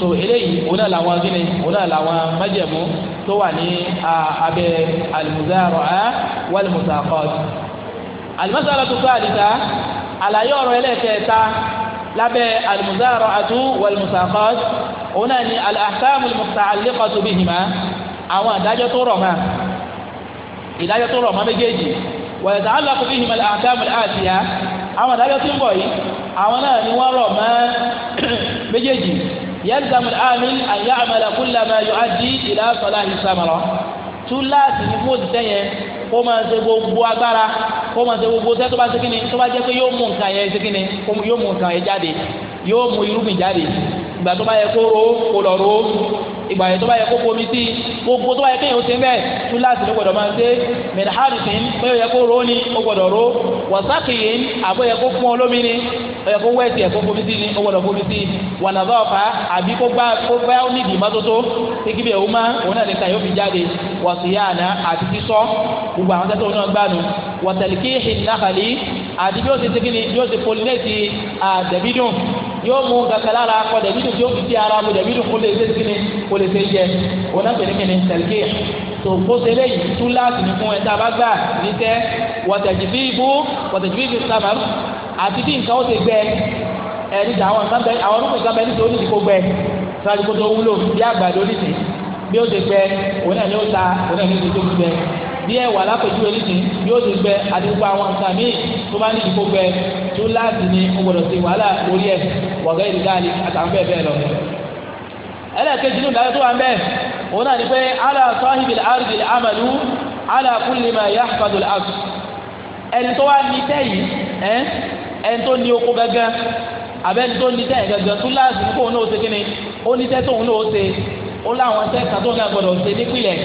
so eléyìí òun náà làwọn gíní òun náà làwọn májẹ̀mú tó wà ní abẹ́ al-muzara'a wal-musaqat al-mas'alatu ath-thalitha àlàyé ọ̀rọ̀ ẹlẹ́kẹ̀ẹ́ta lábẹ́ al-muzara'atu wal-musaqat òun náà ni al-ahkamu al àwọn ìdájọ́ tó rọ̀ mọ́ ìdájọ́ tó rọ̀ mọ́ méjèèjì ويتعلق بهما الأحكام الآتية àwọn adájọ́ tí ń bọ̀ yìí àwọn náà ni wọ́n rọ̀ mọ́ méjèèjì yẹ́lzàmù àmì àyà àmàlàkúlà máa yọ àdí ìlà sọ̀lá ìsàmọ̀rọ̀ tún láti ní fún òtítẹ́ yẹn kó máa ṣe gbogbo agbára kó máa ṣe gbogbo tẹ́ bá ṣe kíni tó bá jẹ́ pé yóò mú nǹkan yẹn ṣe kíni yóò mú nǹkan yẹn jáde yóò mú irúgbìn jáde ìgbà tó bá yẹ kó ro kó lọ ro ìgbà yẹ tó bá yẹ kó bomi sí gbogbo tó bá yẹ kéèyàn ṣe bẹ́ẹ̀ tún láti ló gbọ́dọ̀ máa ṣe mẹ̀dáhàrìsìn pé ó yẹ kó ro ni ó gbọ́dọ̀ ro wọ̀sákìyìn àbó yẹ kó fún olómi ni ó yẹ kó wẹ́ẹ̀sì ẹ̀ kó bomi sí ni ó gbọ́dọ̀ bomi sí wànàbá ọ̀fà àbí kó bá kó bá ó nídìí mọ́tótó kíkí bẹ́ẹ̀ ó má òun náà lè ta yóò fi jáde wọ̀síyàna àti sísọ gbogbo àwọn tẹ́tọ́ náà gbánu wọ̀tẹ̀lì hìnnàkàlì àti bí ó ti ṣe ni bí ó ti pollinate àdẹ̀bídùn yóò mú kankan lára kọ dẹ̀bí dùn yóò fi sí ara mu dẹ̀bí dùn kó lè ṣe kíni kó lè ṣe jẹ òun náà pè ní kíni tẹ̀lé tó kó ṣe léyìí tú láti ní fún ẹ tá a bá gbà ní tẹ wọ̀tẹ̀jì bí ibú wọ̀tẹ̀jì bí ibú sábà àti bí nǹkan ó ti gbẹ ẹ ní àwọn nǹkan bẹ àwọn nǹkan bẹ ní tòun ti kó gbẹ síwájú kó tó wúlò bí àgbàdo nìsín bí ó ti gbẹ òun ni ó ta òun àwọn nǹkan míì tó bá ní ìkó tó láti ní ó gbọ́dọ̀ wàhálà lórí ẹ wọ̀gẹ́ ìdíláàlì àtàwọn bẹ́ẹ̀ bẹ́ẹ̀ lọ. ẹlẹ́ẹ̀kejì nínú ìdájọ́ tó wà ń bẹ́ẹ̀ òun náà ni pé ala sahibil ardil amalu ala kulli ma yahfadul ard ẹni tó wá ní tẹ́ yìí ẹ́ ẹni tó ní oko gángan abẹ́ni tó ní tẹ́ yìí gángan tó láàzù kó òun náà ṣe kíni ó ní tẹ́ tóun náà ṣe ó láwọn tẹ́ kan tóun náà gbọdọ̀ ṣe nípìnlẹ̀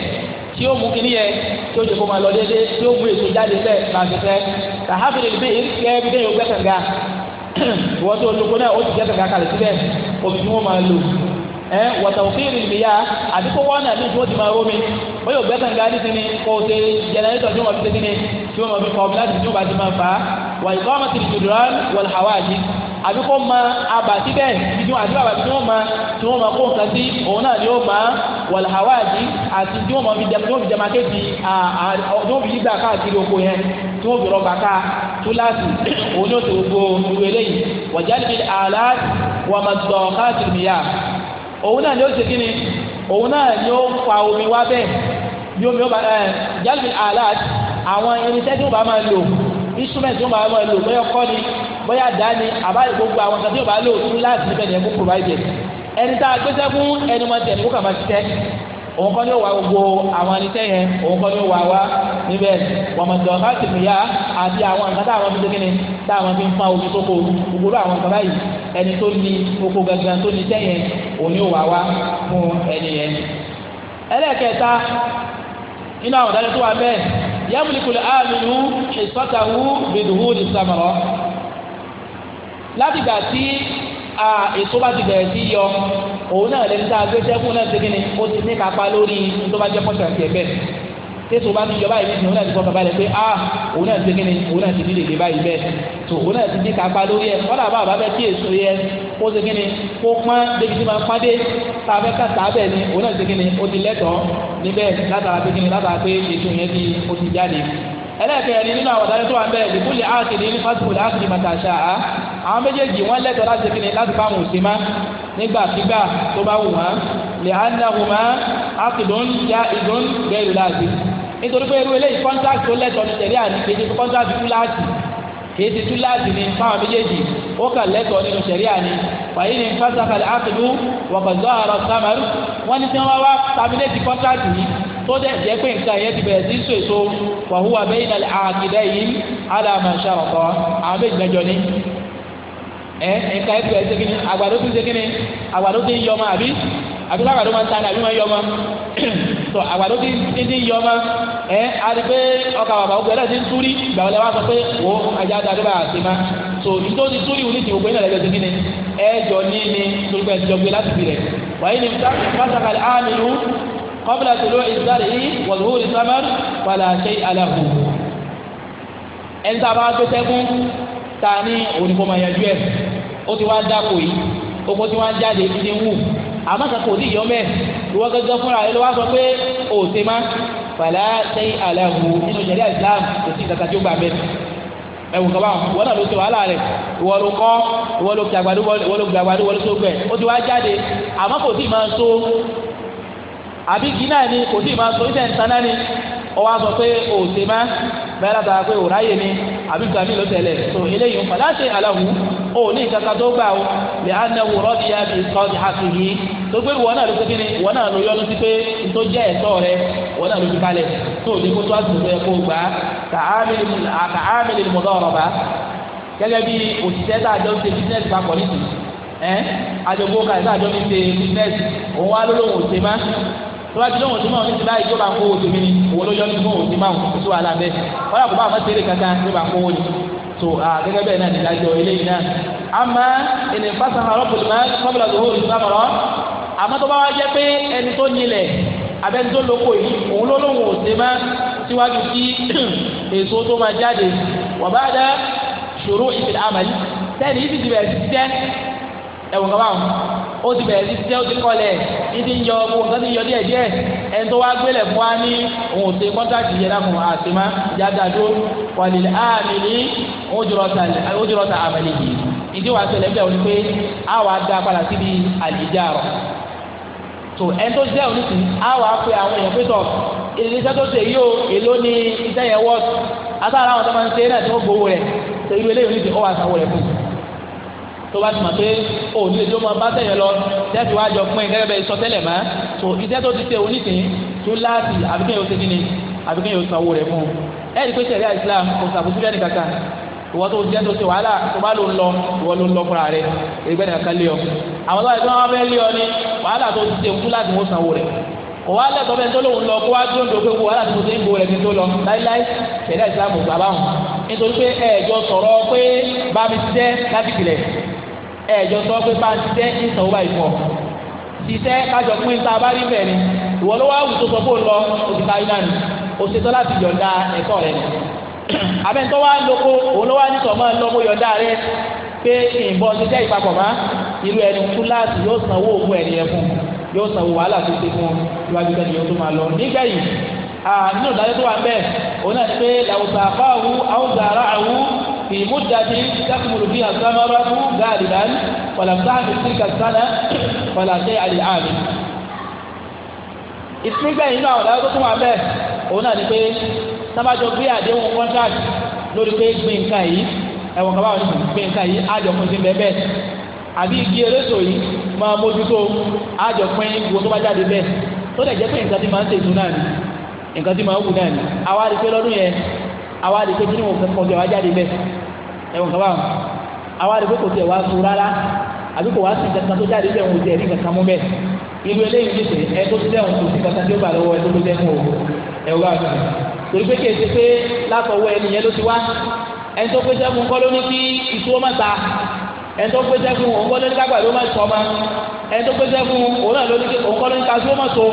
tí ó mú kíní yẹ tí ó jẹ kó máa lọ déédéé tí ó mú èso jáde fẹ́ máa fi fẹ́ tàhábìlì bíi kẹ́ẹ́ bí wọ́n tó lóko náà ó ti jẹ́ kàkà kalẹ̀ síbẹ̀ omi ni wọ́n máa lò ẹ wọ̀tàwọ̀ kí ìrìn ìyá àti kó wọ́n náà ní ìfowópamọ́ ti máa rómi wọ́n yóò gbẹ́sẹ̀ nǹkan ní sinmi kó o ṣe jẹnẹrétọ̀ tí wọ́n fi ṣe kí ni tí wọ́n máa fi kọ́ ọ́ bí láti tí wọ́n bá ti máa fà á wà ìkọ́ ọmọ ti di dùdùrán wọ̀lùhàwá àdìs àbí kó mọ abà síbẹ̀ ibi àti bàbà tí wọ́n mọ tí wọ́n mọ kó nǹkan sí òun náà ni ó mọ wàlàhàwáàdì àti tí wọ́n mọ fi jẹ tí wọ́n fi jẹ màkéèdì tí wọ́n fi yígbà káàkiri oko yẹn tí wọ́n fi rọgbà ká túláàsì òun ni ó ti gbogbo irú eléyìí wàjálìbí àlá wàmàdọ̀ káàkiri nìyà òun náà ni ó ṣe kí ni òun náà ni ó fa omi wá bẹ́ẹ̀ ni omi ó ba ẹ jálìbí àlá àwọn irinṣẹ́ tí wọ́n bá máa lò instrument bóyá dání àbáyé gbogbo àwọn kan tí yóò bá lò tún láti níbẹ̀ ní ẹ̀kú provide ẹni tá a gbéṣẹ́ fún ẹni mọ tẹ̀ kó kà máa ṣiṣẹ́ òun kọ́ ni ó wà gbogbo àwọn anitẹ́ yẹn òun kọ́ ni ó wà wá níbẹ̀ wọ̀mọ̀dọ̀ bá ti mìíyà àti àwọn nǹkan táwọn fi dégbé ni táwọn fi ń fa omi tó kó gbogbo àwọn nǹkan báyìí ẹni tó ní oko gangan tó ní tẹ́yẹn òun ni ó wà wá fún ẹni yẹn. ẹlẹ́ẹ̀kẹta nínú àwọn ọ̀dàlẹ́ tó wà bẹ́ẹ̀ yẹ́mùlíkùlẹ̀ àmì ìlú ìsọ́tàwù bìdùhù ní sàmọ̀rọ̀ látìgbà tí èso bá ti bẹ̀rẹ̀ sí yọ òun náà lẹ́nu tá a gbé sẹ́kùn náà segin ni ó ti ní kápá lórí tó bá jẹ́ pọ́sẹ̀ àti ẹ̀bẹ̀ tẹ́sọ̀ bá ti yọ báyìí nísìnyí òun náà ti fọkàn balẹ̀ pé a ah, òun náà segin ni òun náà ti ní dèdè báyìí bẹ́ẹ̀ tó òun náà ti ní kápá lórí ẹ̀ kọ́dà bá bàbá bẹ́ẹ̀ kí èso yẹ kó segin ni kó pọ́n débi tí máa pọ́n dé tá a fẹ́ ká tà á bẹ́ẹ̀ ni òun náà segin ni ó ti lẹ́tọ̀ọ́ níbẹ̀ látara segin ni látara pé èso yẹn ti ó ti jáde ẹlẹ́ẹ̀kẹ́ ẹni àwọn méjèèjì wọ́n lẹ́tọ̀ọ́ láti ṣe kíni láti fáwọn òṣèmá nígbàkigbà tó bá wù wọ́n lè á ná wù wọ́n á sì ló ń ya ìdún gẹ́rù láti nítorí pé irú eléyìí kọ́ńtàkì tó lẹ́tọ̀ọ́ ní tẹ̀lé àní kejì kọ́ńtàkì túláàsì kejì túláàsì ni fáwọn méjèèjì ó kà lẹ́tọ̀ọ́ nínú tẹ̀lé àní fàyè ní fásitì àkìdú wọ̀gbọ̀dọ̀ àrọ̀ sàmẹ́rù wọ́n ní tí wọ́n wá tàbílẹ̀tì kọ́ńtàkì yìí tó dẹ̀ jẹ́ pé nǹkan yẹn ti bẹ̀rẹ̀ sí so èso bẹ́yìn àkìdá yìí alàmàṣà àwọn méjì mẹ́jọ ní ẹ ẹka ẹtù ẹ segin àgbàdo tún segin àgbàdo tún yọmọ àbí àbí lágbàdo máa ń tani àbí máa yọmọ tó àgbàdo tún ti yọmọ ẹ adigun ọkà bàbà ọgbẹ náà ti ń túrí ìgbà wọlé wa sọ pé wo ajá dáadé bá a ti má so nítorí túrí wù ní ti ògbé náà lẹ́jọ́ segin ẹ jọ ní ní torí pé ẹ ti jọ gbé láti bì rẹ̀ wàyí ni fásitì àmìlú kọ́bílà tó ló ìsáré yìí wọ̀lúhù ìsámẹ́r wàlà ṣe aláhù. ẹni tá a bá gbé sẹ́kún ta ni òní kò máa yanjú ẹ̀ ó ti wá dáko yìí oko ti wá jáde ti ti ń wù àmọ́ kan kò ní ìyọ́ mẹ́ ìwọ gẹ́gẹ́ fúnra rẹ ló wá sọ pé ò má fàlà sẹ́yìn àlàhù nínú ìṣẹ̀lẹ̀ Islam kò sí ìtàkàtì ó gbà bẹ́ẹ̀ ẹ̀wùn kan báwọn ìwọ náà ló ṣe wàhálà rẹ̀ ìwọ ló kọ́ ìwọ ló gbàgbàdo ìwọ ló gbàgbàdo ìwọ ló tó gbẹ ó ti wá jáde àmọ́ kò sí máa so àbí kí ni kò sí máa so iṣẹ́ ìtaná ni ó wá sọ pé ò má bẹ́ẹ̀ àbí nǹkan mi ló tẹ̀lé tó eléyìí fàlá ṣe aláwo ó ní ìkàkà tó gbà ó lè á náwó rọ́ọ̀dì yá bí nǹkan ti hàkì yìí tó pé wọn náà ló ṣe kíni wọn náà ló yọnu sí pé tó jẹ́ ẹ̀tọ́ rẹ wọn náà ló fi kalẹ̀ tó ní kó tó àtúntò yẹ kó gbà kàámìlì mọ̀dọ́rọ̀bà gẹ́gẹ́ bí òṣìṣẹ́ tá a jọ ṣe business papọ̀ nísìnyí ẹ́ àjọgbó kan tá a jọ ṣe business òun wá lólóhùn òṣèmá tó bá ti lóhùn sí máa ń ti báyìí tó bá ń kówó tó mi ni òun ló yọ ní fún òun ti máa ń tó wàhálà bẹ́ẹ̀ wọ́n yàgò bá àwọn tẹ́lẹ̀ kankan tó bá ń kówó ni tó gẹ́gẹ́ bẹ́ẹ̀ náà nídájọ́ eléyìí náà àmọ́ ènìyàn fásitì àwọn ọkùnrin máa ń kọ́bìlà tó hóòrì sámọ̀rọ́ àmọ́ tó bá wá jẹ́ pé ẹni tó nílẹ̀ abẹ́ni tó lóko yìí òun ló lóhùn òsè má síwájú kí èso tó máa jáde wàbá dá ṣòro ìfìdá àmàlí tẹ́lẹ̀ ìfìdí bẹ̀rẹ̀ ẹ̀wọ̀n kaba wọn ó ti bẹ̀rẹ̀ títí ó ti kọlẹ̀ títí ń yọ owó nǹkan ti yọ díẹ̀ díẹ̀ ẹni tó wá gbélé fún wa ní òun ò ṣe kọ́ńtàkì yẹn lákùn àtìmá ìjà dàdó wàlẹ̀ àmì ní ojúrọ̀ta àmàlẹ̀ yìí ìdí wàá ṣẹlẹ̀ bẹ́ẹ̀ wọ́n pé a wàá da padà síbi àlìjà rọ̀ tó ẹni tó jẹ́ òní sí a wàá pe àwọn èèyàn pé tọ̀ ìdílé tó ṣe yóò èló ni iṣẹ́ yẹn wọ́ọ̀tù tó bá ti mọ̀ pé o ní èdè ó máa bá tẹ̀yẹ lọ tẹ́sí wá jọ pín in gẹ́gẹ́ bẹ́ẹ̀ sọ tẹ́lẹ̀ mọ́ tó iṣẹ́ tó ti ṣe oníṣìí tó láti àbíkẹ́ yóò ṣe kí ni àbíkẹ́ yóò sanwó rẹ̀ fún un ẹ̀ ẹ́ pé sẹ̀ríà Islam kò sàkóso bẹ́ẹ̀ nìkan kan ìwọ tó jẹ́ tó ṣe wàhálà tó bá ló ń lọ ìwọ ló ń lọ fúnra rẹ̀ ẹgbẹ́ nìkan lé ọ àwọn tó wà tó wọn fẹ́ lé ọ ni wàhálà tó ti ṣe fún láti wọ́n sanwó rẹ̀ kò wá lẹ́tọ̀ọ́ bẹ́ẹ̀ tó lóun lọ kó wá dúró dòdò pé wàhálà tó ti ń bo rẹ̀ ní tó lọ láíláí sẹ̀ríà Islam kò sábà hàn nítorí pé ẹ̀ẹ́dọ́ sọ̀rọ̀ pé bá mi ti jẹ́ láti kìlẹ̀ ẹ̀jọ́ sọ pé bá ń ṣiṣẹ́ ìsàn ó bá ìfọ̀ ṣiṣẹ́ kájọ pé ń a bá rí bẹ́ẹ̀ ni ìwọ ló wá wù tó sọ fóun lọ òsì kárí náà ni òṣètò láti yọ̀ǹda ẹ̀tọ́ rẹ ni abẹ́ntọ́ wa ń loko òun ló wá ní sọ̀mọ́ ń lọ mo yọ̀ǹda rẹ pé ìbọn ṣiṣẹ́ ìpapọ̀ mọ́ irú ẹni kúláàsì yóò sanwó òkú ẹni yẹn fún yóò sanwó wàhálà tó ṣe fún iwájú tẹ́lẹ̀ yóò tó máa lọ nígbẹ̀yìn nínú ìdájọ́ tó wà ń bẹ̀ òun náà ti pé làwùsà fáwù àwùsà ara àwù في مدة تكمل فيها الثمرة غالبا ولم تعمل تلك السنة فلا شيء للعامل ìsìngbẹ̀yìn náà ọ̀dà tó tún wà bẹ́ẹ̀ òun náà ni pé sábàjọ gbé àdéhùn contract lórí pé gbé nǹkan yìí ẹ̀wọ̀n kan báwọn nìkan gbé nǹkan yìí àjọpín sí bẹ́ẹ̀ bẹ́ẹ̀ àbí igi eléso yìí máa mójútó àjọpín wo tó bá jáde bẹ́ẹ̀ tó dẹ̀ jẹ́ pé nǹkan tí máa ń tètú náà ni nǹkan tí máa ń wù náà ni àwa rí pé lọ́dún yẹn àwa àdìgbò kí ni wọn kọ tẹ wá jáde bẹ ẹwọn kaba wọn àwa àdìgbò kò tẹ wá tu rárá àbí kò wá sí kankan tó jáde bẹ wọn ò tẹ ẹni kankan mú bẹ irú eléyìí ti tẹ ẹ tó ti dẹ wọn kò sí kankan tó bá lọ́wọ́ ẹ tó tó dẹ mú o ẹ wọn bá wọn torí pé kí ẹ ti pé látọwọ́ ẹni yẹn ló ti wá ẹni tó pé sẹ́gun kọ́ ní kí ìṣú ọmọ ta ẹni tó pé sẹ́gun òun kọ́ ní kágbà ló má sọ ọmọ ẹni tó pé sẹ́gun òun náà ló ní kí òun kọ́ ní ká sí ọmọ so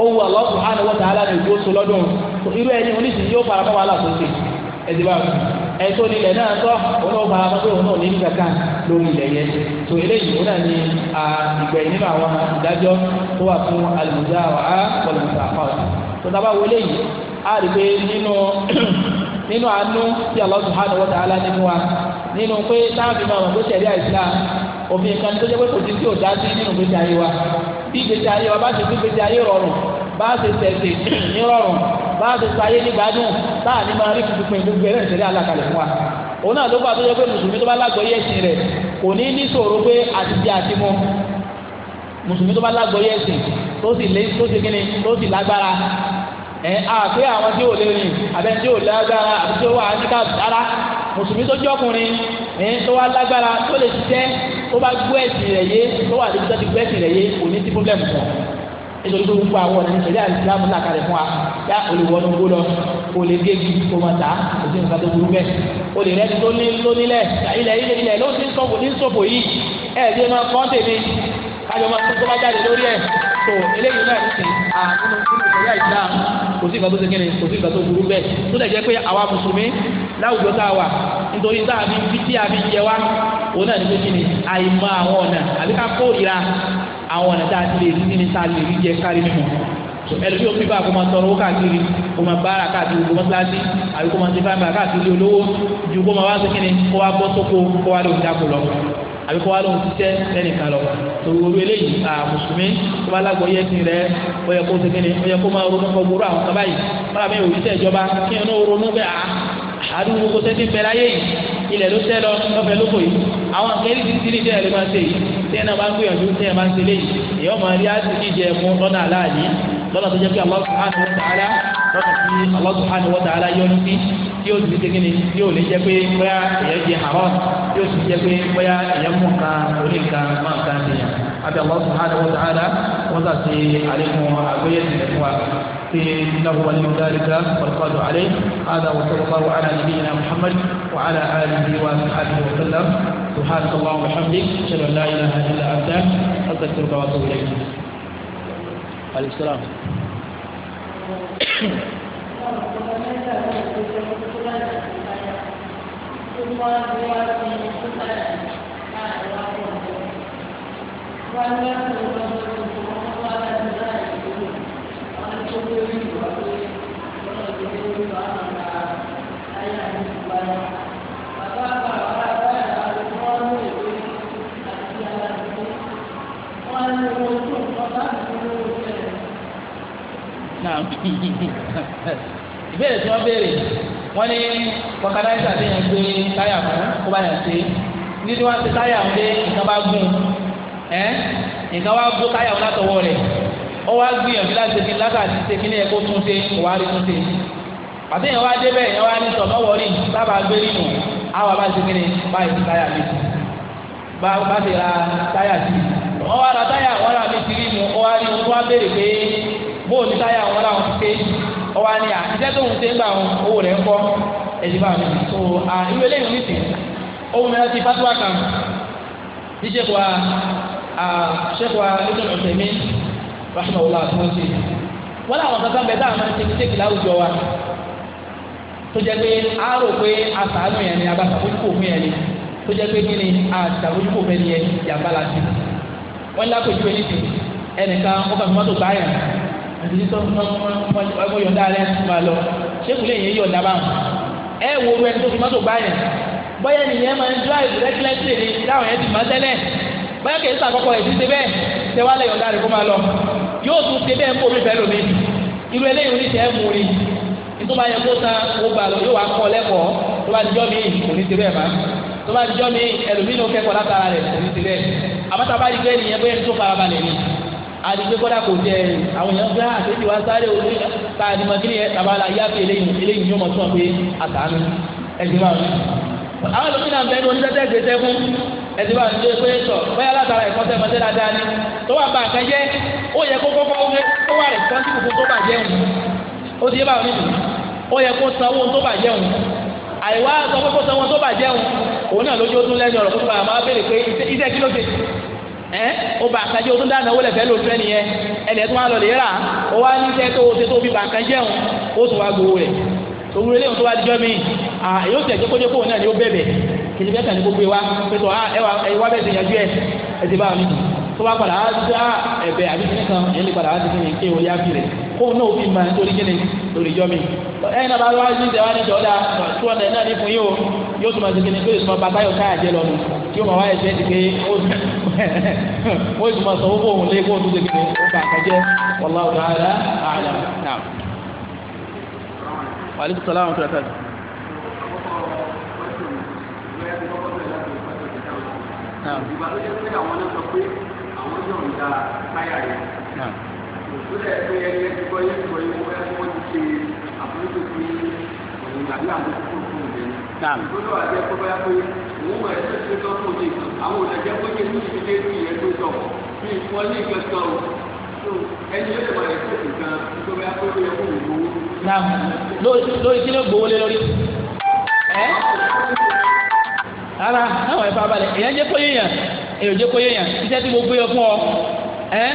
òun wà lọ́sùn àná wọ́n ta á lánàá ìdúró so lọ́dún irú ẹni oníṣìí yóò fara mọ́ wàhálà sókè ẹ̀dí bá wọn ẹ̀tọ́ nílẹ̀ náà tọ́ òun náà fara mọ́ pé òun náà ní kankan lórí ilẹ̀ yẹn tó eléyìí òun náà ní ìgbẹ́ nínú àwọn ìdájọ́ tó wà fún alùpùpù àwọn akọlùpùpù àpáwọ̀ tó dábàá wọlé yìí á rí pé nínú nínú àánú tí Allah subhanahu wa ta'ala nínú wa nínú pé táàbì máa wọn tó tẹ̀lé àìsílá òfin kan tó jẹ́ pé kò sí tí ò dá sí nínú gbèsè ayé wa bí gbèsè ayé wa bá ṣe gbé gbèsè ayé rọrùn bá ṣe tẹ̀sẹ̀ ní rọrùn bá a ti sọ ayé ní gbádùn tá a ní máa rí kùtùkùn ìdúgbò ẹ̀rẹ́ ìṣẹ̀lẹ̀ alákalẹ̀ fún wa òun náà ló bá tó yẹ pé mùsùlùmí tó bá lágbọ́yé ẹ̀sìn rẹ̀ kò ní ní ṣòro pé àti jẹ àti mu mùsùlùmí tó bá lágbọ́yé ẹ̀sìn tó sì lé tó sì kíni tó sì lágbára ẹ̀ àpé àwọn tí ò lè rìn àbẹ́ tí ò lágbára àbí tí ó wà ní káàbùtárá mùsùlùmí tó jọkùnrin ẹ̀ tó wá lágbára tó lè ṣiṣẹ́ tó bá gbọ́ ẹ̀sìn rẹ̀ yé tó wà nítorí pé gbogbo àwọn ọ̀nà ìṣẹ̀lẹ̀ àìsílámù là kalẹ̀ fún wa yá o lè wọnú gbó lọ o lè gé igi kó o sì ń fa tó burú bẹ́ẹ̀ o lè rẹ́ni tó ní lónílẹ̀ ilẹ̀ ilẹ̀ ilẹ̀ ló ti ń sọ̀bù ní sọ̀bù yìí ẹ̀ ẹ́ máa kọ́ tèmi kájọ máa tó tó bá jáde lórí ẹ̀ tó eléyìí náà ti àánú nínú ìṣẹ̀lẹ̀ àìsílámù kò sí ìgbà tó ṣe kíni kò sí ìgbà tó burú bẹ́ẹ̀ tó dẹ̀ jẹ́ pé àwa mùsùlùmí láwùjọ tá a wà nítorí tá a fi fi tí a fi jẹ wa òun náà ní pé kíni àìmọ̀ àwọn ọ̀nà àbí ká àwọn ọ̀nà tá a ti lè rí nínú tá a lè rí jẹ kárí mímu ẹlòmíì òfin bá kó máa tọrọ owó káàkiri kó máa bára káàkiri kó máa kíláàsì àbí kó máa ti fáìmù káàkiri olówó ju kó máa wá sí kíni kó wá bọ́ sóko kó wá lóun dáko lọ àbí kó wá lóun ṣiṣẹ́ lẹ́nìkan lọ torí orí eléyìí à mùsùlùmí tó bá lágbo yẹ kí rẹ ó yẹ kó ṣe kíni ó yẹ kó máa ronú kó gbòòrò àwọn kaba yìí kó sẹ́sìn yìí ilẹ̀ àwọn akẹ́rì ti tiri tẹ́ ẹ lè máa ṣe yìí tẹ́ ẹ náà bá ń gbìyànjú tẹ́ ẹ máa ń ṣe léyìí èyí ọmọ rí àti jíjẹ mú lọ́nà aláàlí lọ́nà tó jẹ́ pé Allah subhanahu wa ta'ala lọ́nà tí Allah subhanahu wa ta'ala yọ ní sí tí yóò ti segin ni tí yóò lè jẹ́ pé bóyá èyàn عبد الله سبحانه وتعالى وذاتي عليكم أبيت الإخوة في له ولي ذلك والقادر عليه هذا وصلى الله على نبينا محمد وعلى آله وصحبه وسلم سبحانك اللهم وبحمدك أشهد أن لا إله إلا أنت أستغفرك وأتوب إليك عليه السلام Thank you. ìbéèrè tí wọ́n béèrè wọ́n ní wọ́kàdáìsà ti yàn gbé táyà fún kó bá yàn ṣe ní tí wọ́n ti táyà ń gbé nǹkan bá gùn. ẹ nǹkan wá gbó káyà wọn látọwọ́ rẹ̀ ó wá gbìyànjú láti ṣe kí lákàtí ṣe kí ní ẹ tún ṣe kó wá rí tún ṣe wá gbé nínú àwọn bá ṣe kí táyà mi bá bá ṣe ra táyà sí wọn wá ra táyà wọn rà pé bóò ní táyà wọn rà ṣẹ́kọ̀ọ́ ẹ̀jọ̀ ọ̀tẹ̀mí rahmanulah tó ń ṣe wọ́n láwọn kankan bẹ́ẹ̀ táwọn máa ń ṣe ní tèkìlá àwùjọ wa tó jẹ́ pé a rò pé àtàánú yẹn ni abàtàkójúkò fún yẹn ni tó jẹ́ pé kí a àtàkójúkò fún yẹn yàgbá la ti wọ́n ní lápẹ̀jú ẹni tì ẹnìkan ó kà fún mọ́tò báyà àti tó ọmọ yọ̀ǹda rẹ̀ máa lọ ṣéèkù lè yẹn yọ̀ǹda bá wọn ẹ wo ẹni tó fi mọ́tò báyà bọ́yá nìyẹn máa ń dúráìbù rẹ́gílẹ́tì ni táwọn yẹn ti máa tẹ́lẹ̀ báyà kì í sàkọ́kọ́ rẹ̀ ti ṣe bẹ́ẹ̀ ṣe wá lẹ́yìn ọ̀dà rẹ̀ kó máa lọ yóò tún ṣe bẹ́ẹ̀ kó mi fẹ́ lómi irú eléyìí oníṣe ẹ̀ mú rí nítorí bá yẹ kó san kó gbà lọ yóò wá kọ́ lẹ́kọ̀ọ́ tó bá dijọ́ mi kò ní ṣe bẹ́ẹ̀ má tó bá dijọ́ mi ẹlòmínú kẹ́kọ̀ọ́ látara rẹ̀ kò ní ṣe bẹ́ẹ̀ àbáta bá dijọ́ ẹni yẹn bóyá ẹni tó fara balẹ̀ ni àdìgbé kọ́dà kò jẹ àwọn èèyàn gbé àtẹ́jú wa sáré orí ta àdìmọ̀ kí tàbá la yá pé eléyìí eléyìí yóò mọ̀ tún ọ pé àtàánú ẹ̀jẹ̀ máa ń. àwọn ẹlòmínú ẹtì bá ti pé sọ bóyá látara ìkọ́sẹ́ mọ́tẹ́ dáadáa ni tó wà bá àkànjẹ ó yẹ kó kọ́kọ́ wé ó wà rẹ̀sípọ́nsì fún tó bàjẹ́ òun ó ti yé báwọn nídìí ó yẹ kó san owó tó bàjẹ́ òun àìwá sọ pé kó san owó tó bàjẹ́ òun òun náà lójú ó tún lẹ́nu ọ̀rọ̀ fúnpa àmọ́ abéèrè pé iṣẹ́ kí ló ṣe ẹ ó bá àkànjẹ ó tún dáná owó lẹ̀fẹ́ lóṣù ẹnìyẹn ẹnìyẹn tún wá lọ lè rà ó wá ní iṣẹ́ kìlí bẹ́ẹ̀ kàní gbogbo wa pẹ̀tọ́ ah, ẹwà ẹwà bẹ́ẹ̀ ti yanjú ẹ̀ ẹ ti bá mi nù tó bá padà á dá ah, ẹ̀bẹ̀ àbí kíní kan yẹn lè padà á ti fi ní kéwòn yá fi rẹ̀ kó náà ó fi máa ń torí kíni lórí ìjọ mi ẹ̀ náà bá wá sí ìjọba ní ìjọba tí wọ́n náà ní fún yín o yóò tún máa ti kíni pé ìsúnmọ́ bàtáyọ̀ káyà jẹ́ lọ́nu kí ó máa wá ẹ̀jẹ̀ ti pé ó tún máa sọ owó òun lé kó tún ti kíni ó bà kẹjẹ wallahu ìgbà tó jẹ́ pé àwọn náà sọ pé àwọn yóò ń da táyà yẹn. òṣèlè pé ẹni ẹni gbọ́ yẹn gbọ́ yẹn wọ́n ẹni wọ́n ti ṣe àforíjì pé òun àbí àwọn tó kúrò fún òun lẹ́yìn. ìgbọ́dọ̀ àti ẹ̀kọ́ bá pé òun wọ̀ ẹ́ tó fún òun àwọn òṣèjẹ́ pé kí ní ìdílé ní ìyẹn tó tọ̀ bí wọ́n ní ìgbẹ́sọ̀ ẹni tó bá yá pé ó yẹ kó òun lówó. lórí kí ló gbowó lé lórí. rárá àwọn ẹ̀fọ́ abalẹ̀ èèyàn jẹ́ kóyè yàn èèyàn jẹ́ kóyè yàn iṣẹ́ tí mo gbé yọ fún ọ ẹ́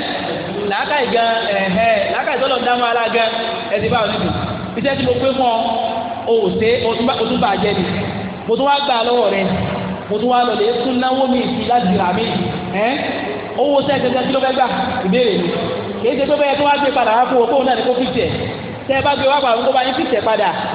làákàyè ẹ̀hẹ́ làákàyè tọ́lọ̀ ń ara gan ẹ̀sìn iṣẹ́ tí mo gbé fún ọ mo tún wá gbà lọ́wọ́ rẹ mo tún wá lọ lè tún náwó mi sí láti rà mí owó ló o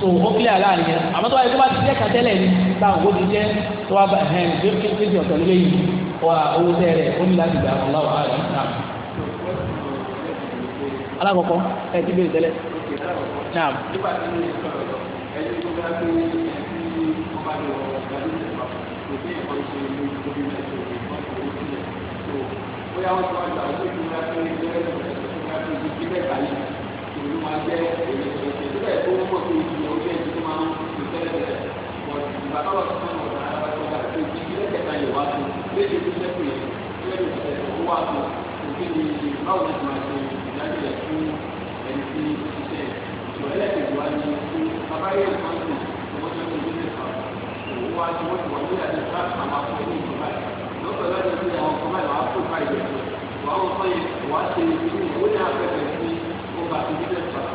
so ó kílẹ̀ láàrin yẹn àmọ́ tó wáyé tó bá ti jẹ́ kàtẹ́lẹ̀ ní ta òwò ti jẹ́ tó wá bá ẹ̀hìn tó fi fi ti ọ̀tọ̀ lélẹ́yìn wà owó tẹ́ rẹ̀ ó ní láti gbà ọ̀la wà rẹ̀ náà. alákọ̀ọ́kọ́ ẹ ti bèrè tẹ́lẹ̀ náà. bóyá wọ́n ti wá gbà wọ́n ti wá pé ẹgbẹ́ ẹgbẹ́ ìdílé báyìí òun máa jẹ́ èrè tó bẹ́ẹ̀ tó mọ̀ sí ìdílé ojú ẹ̀jẹ̀ tó máa ń fi tẹ́lẹ̀tẹ́lẹ̀ wọ̀ ìgbà tó wà tó fẹ́ wọ̀ náà bá tó gbà tó ti ilé kẹta yẹ̀ wá tó léde tó fẹ́ pè é ilé kẹta yẹ̀ tó wà tó òkè ni báwo ni màá ṣe ìdájọ́ yẹ fún ẹni tí iṣẹ́ ìwọ̀ ẹlẹ́kẹ̀ẹ́ wá ní fún bàbá yẹ̀ wọ́n tó wọ́n tó tó tó tó òun wá tó wọ́n tó wọ́n tó yà ní ká àwọn akọ ní ìjọba lọ́pọ̀ lọ́dọ̀ sí àwọn ọkọ báyìí wàá kó báyìí wàá wọ́n fọ́ yẹn wàá ṣe ìdílé ìwé náà fẹ́ẹ́ fẹ́ sí ó bá ti dídẹ̀ pàtó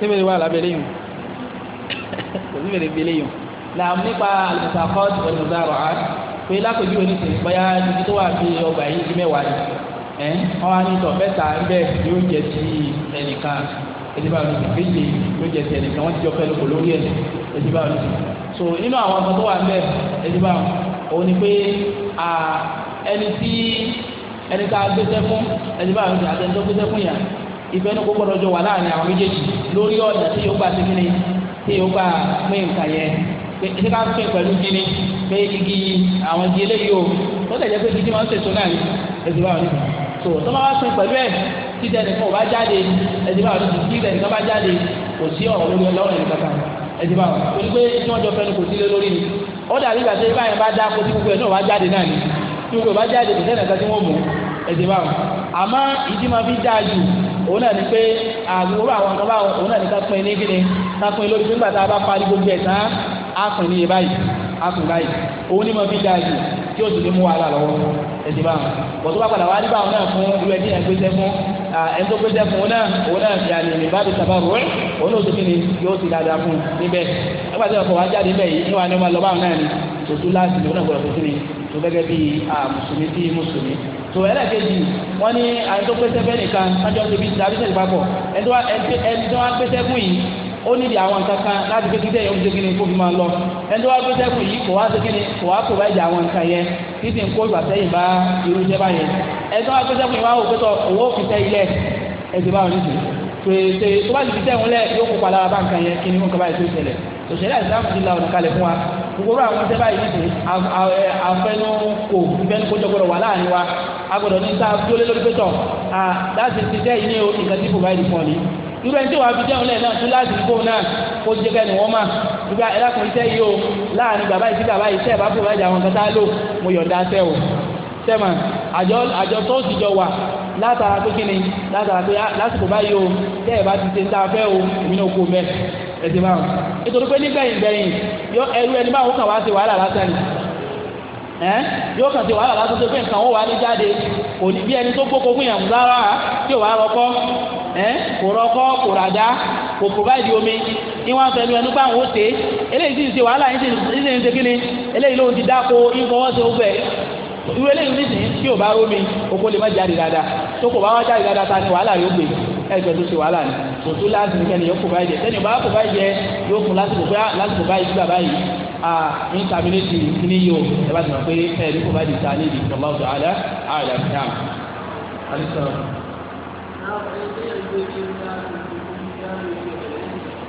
sẹ́bẹ̀rẹ̀ wà lábẹ́lẹ́ yìí kò sí bẹ̀rẹ̀ bẹ́lẹ́ yìí là ń nípa alùpàkọ́t ọ̀nùdàrọ̀ á pé lápèjú oníṣẹ́ bóyá ibi tó wà bí ọgbà yìí di mẹ́wàá yìí ẹ̀ wọ́n wá ní ìtọ̀ mẹ́ta ńbẹ́ yóò jẹ́ ti ẹnìkan ẹ̀dínbà oníṣẹ́ méje yóò jẹ́ ti ẹnìkan wọ́n ti jọ pẹ́ lóko lórí ẹ̀ ẹ̀dínbà oníṣẹ́ so nínú àwọn ọmọ tó wà ńbẹ́ ẹ̀dínbà òun ni pé ẹni tí ẹni tá a gbéṣẹ́ fún ẹni bá àwọn àti ẹni tó gbéṣẹ́ fún yà ìfẹ́ ní kó gbọ́dọ̀ jọ wà láàrin àwọn méjèèjì lórí ọ̀nà tí yóò gbà sí kíni tí yóò gbà pín nǹkan yẹn pé ṣé ká pín pẹ̀lú kíni pé igi àwọn igi eléyìí o ó tẹ̀lé pé jíjí máa ń ṣètò náà ẹni bá àwọn tó tó máa pín pẹ̀lú ẹ̀ títẹ̀ nìkan ò bá jáde ẹni bá àwọn títẹ̀ nìkan bá jáde kò sí ọ̀rọ̀ lórí ọlọ́run nìkan kan ẹni bá àwọn torí pé tí ni kò sí lé lórí ni ó ni tí ẹ̀sìn báwọn àmọ́ ìdí máa fi dáa jù òun náà ni pé àgbègbè àwọn nǹkan báwọn òun náà ni ká pín ní kíni ká pín lórí pé nígbà a bá parí gbogbo ẹ̀ tán á pín in ní iye báyìí á pín in báyìí òun ni máa fi dáa jù tí ó sì ní mú wàhálà lọ́wọ́ ẹ̀sìn báwọn bọ̀tú bá padà wá nígbà àwọn náà fún irú ẹni ẹgbẹ́sẹ̀ fún ẹni tó gbẹ́sẹ̀ fún òun náà òun náà fi àlè ní báyìí sábà rọ̀ òun náà ó sì kí ni yóò ti dáadáa fún un níbẹ̀ nígbà tí ọkọ̀ wá jáde bẹ́ẹ̀ yìí níwájú ọmọ lọ́wọ́ àwọn náà ni tòtú tó ẹlẹ́kejì wọ́n ní àyẹ̀tó pèsè fẹ́ nìkan sájọ́ tóbi tàbí sẹ́yìn papọ̀ ẹni tó wá pèsè fún yìí ó nídìí àwọn nǹkan kan láti pé kíkẹ́ yẹn ó ń segin ní kó fi máa lọ ẹni tó wá gbé sẹ́kùn yìí kò wá segin ní kò wá kò bá jẹ àwọn nǹkan yẹn kí sì ń kó ìgbà sẹ́yìn bá irú iṣẹ́ báyẹn ẹni tó wá gbé sẹ́kùn yìí wá wò pẹ́tọ̀ owó fi tẹ́ ilẹ̀ ẹ̀sìn báwọn ní sùn gbogbo àwọn tẹ́ báyìí nìyí àfẹnú kò ìfẹnú kó jọgbọ́dọ̀ wà láàrin wa agbọ́dọ̀ ní sáà tó lé lórí pẹ́tọ̀ à láti ti jẹ́ ìní o nǹkan tí provide fún ọ ni irú ẹni tí wàá fi jẹun lẹ́ẹ̀ náà tún láti gbóhùn náà kó jẹ́ kẹ́ni wọ́n mà nígbà ẹlẹ́kùnrin tẹ́ yìí o láàrin bàbá yìí sí bàbá yìí tẹ́ ẹ̀ bá provide àwọn nǹkan tá a lò mo yọ̀ǹda tẹ́ o tẹ́mà àjọ àjọ tó ti jọ wà látara pé kíni látara pé lásìkò báyìí o tẹ́ ẹ̀ bá ti ṣe ń tá fẹ́ o èmi náà kó mẹ́ẹ̀ ẹ̀sìn máa ń nítorí pé nígbẹ̀yìn gbẹ̀yìn yóò ẹrú ẹni máa ń kàn wá sí wàhálà lásán ni ẹ yóò kàn sí wàhálà lásán tó pé nǹkan ó wà ní jáde kò ní bí ẹni tó fún yàn rárá tí ò wá rọkọ omi ní wọn enu ẹnu pé àwọn ó tè eléyìí sì ń ṣe wàhálà yìí sì ń ṣe kíni eléyìí lóun ti dáko ìfọwọ́sọ irú ẹgbẹ́ tó ṣe wàhálà ni tòótọ́ láti ní kẹ́ni yóò kó báyìí jẹ sẹ́ni bá kó báyìí jẹ yóò fún lásìkò bá ah, lásìkò báyìí gbà báyìí a ní tàbílẹ́tì ní yóò ẹ bá ti mọ̀ pé ẹ ní kó báyìí ta ní ìdìbò ọlọ́wọ́ tó àdá àdá fi hàn.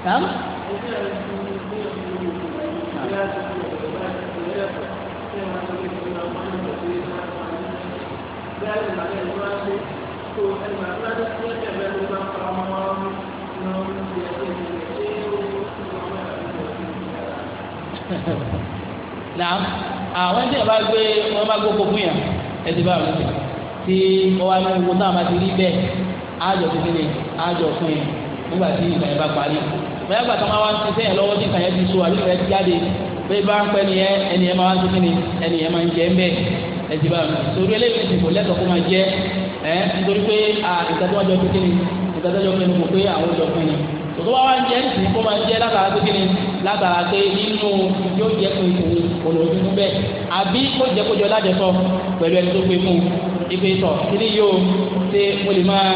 Thank naam àwọn ẹni tí wọn bá gbé wọn bá gbó gbogbo yàn ẹtì bá wọn sè tí wọn wá ní gbogbo náà máa ti rí bẹ́ẹ̀ àjọ tó kéde àjọ fún yẹn nígbà tí ìgbà yẹn bá parí bóyá gbà tó máa wá ń ti sẹ́yìn lọ́wọ́ tí ìkàyẹ ti so àbí ìkàyẹ ti jáde bẹ́ẹ̀ bá ń pẹ nìyẹn ẹnìyẹn máa wá ń tó kéde ẹnìyẹn máa ń jẹ ń bẹ ẹtì bá wọn sè orí eléyìí ti kò lẹ́tọ̀ọ́ kó máa jẹ ẹ nítorí pé ìtàdúwájọ kékeré ìtàdúwájọ kékeré kò pé àwọn ìjọ fún mi tòtò bá wà ń jẹ nísìnyí kó máa jẹ látara pé kíni látara pé inú yóò jẹ pé ìṣòro olóòtú fún bẹ́ẹ̀ àbí kó jẹ kó jọ lájọsọ pẹ̀lú ẹni tó pé fún ipe sọ kíni yóò ṣe mo lè máa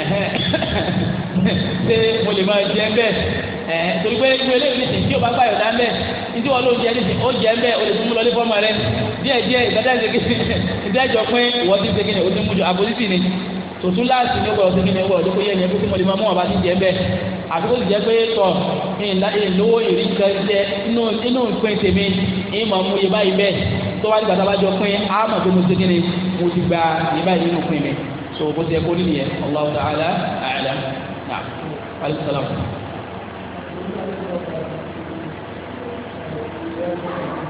ṣe mo lè máa jẹ bẹ́ẹ̀ ẹ torí pé inú eléyìí nísìnyí tí o bá gbà yọ̀dá bẹ́ẹ̀ ní tí wọn ló jẹ nísìnyí ó jẹ bẹ́ẹ̀ o lè tún mú lọ lé fọ́ọ̀mù rẹ díẹ̀ díẹ̀ ìgbàdá ìṣègùn ìdájọ́ pé ìwọ ti ṣe kíni o ti mú jọ àbòsí ni tòtú láti ní ọgbà ọ̀sẹ̀ kíni ọgbà ọ̀dọ́ kó yẹ ẹ̀yẹ kókó mọ̀lẹ́ máa mú ọba ti jẹ bẹ́ẹ̀ àti kó ti jẹ pé tọ̀ ìlówó ìrí nǹkan jẹ inú ìpín tèmi ìmọ̀ mú yé báyìí bẹ́ẹ̀ tó wá nígbà tá a bá jọ pín àmọ̀ tó mo ṣe kíni mo ti gba yé báyìí nínú pín mi so bó ti yẹ kó nìyẹn Allahu ta'ala a'lam náà alaihi salam. Thank you.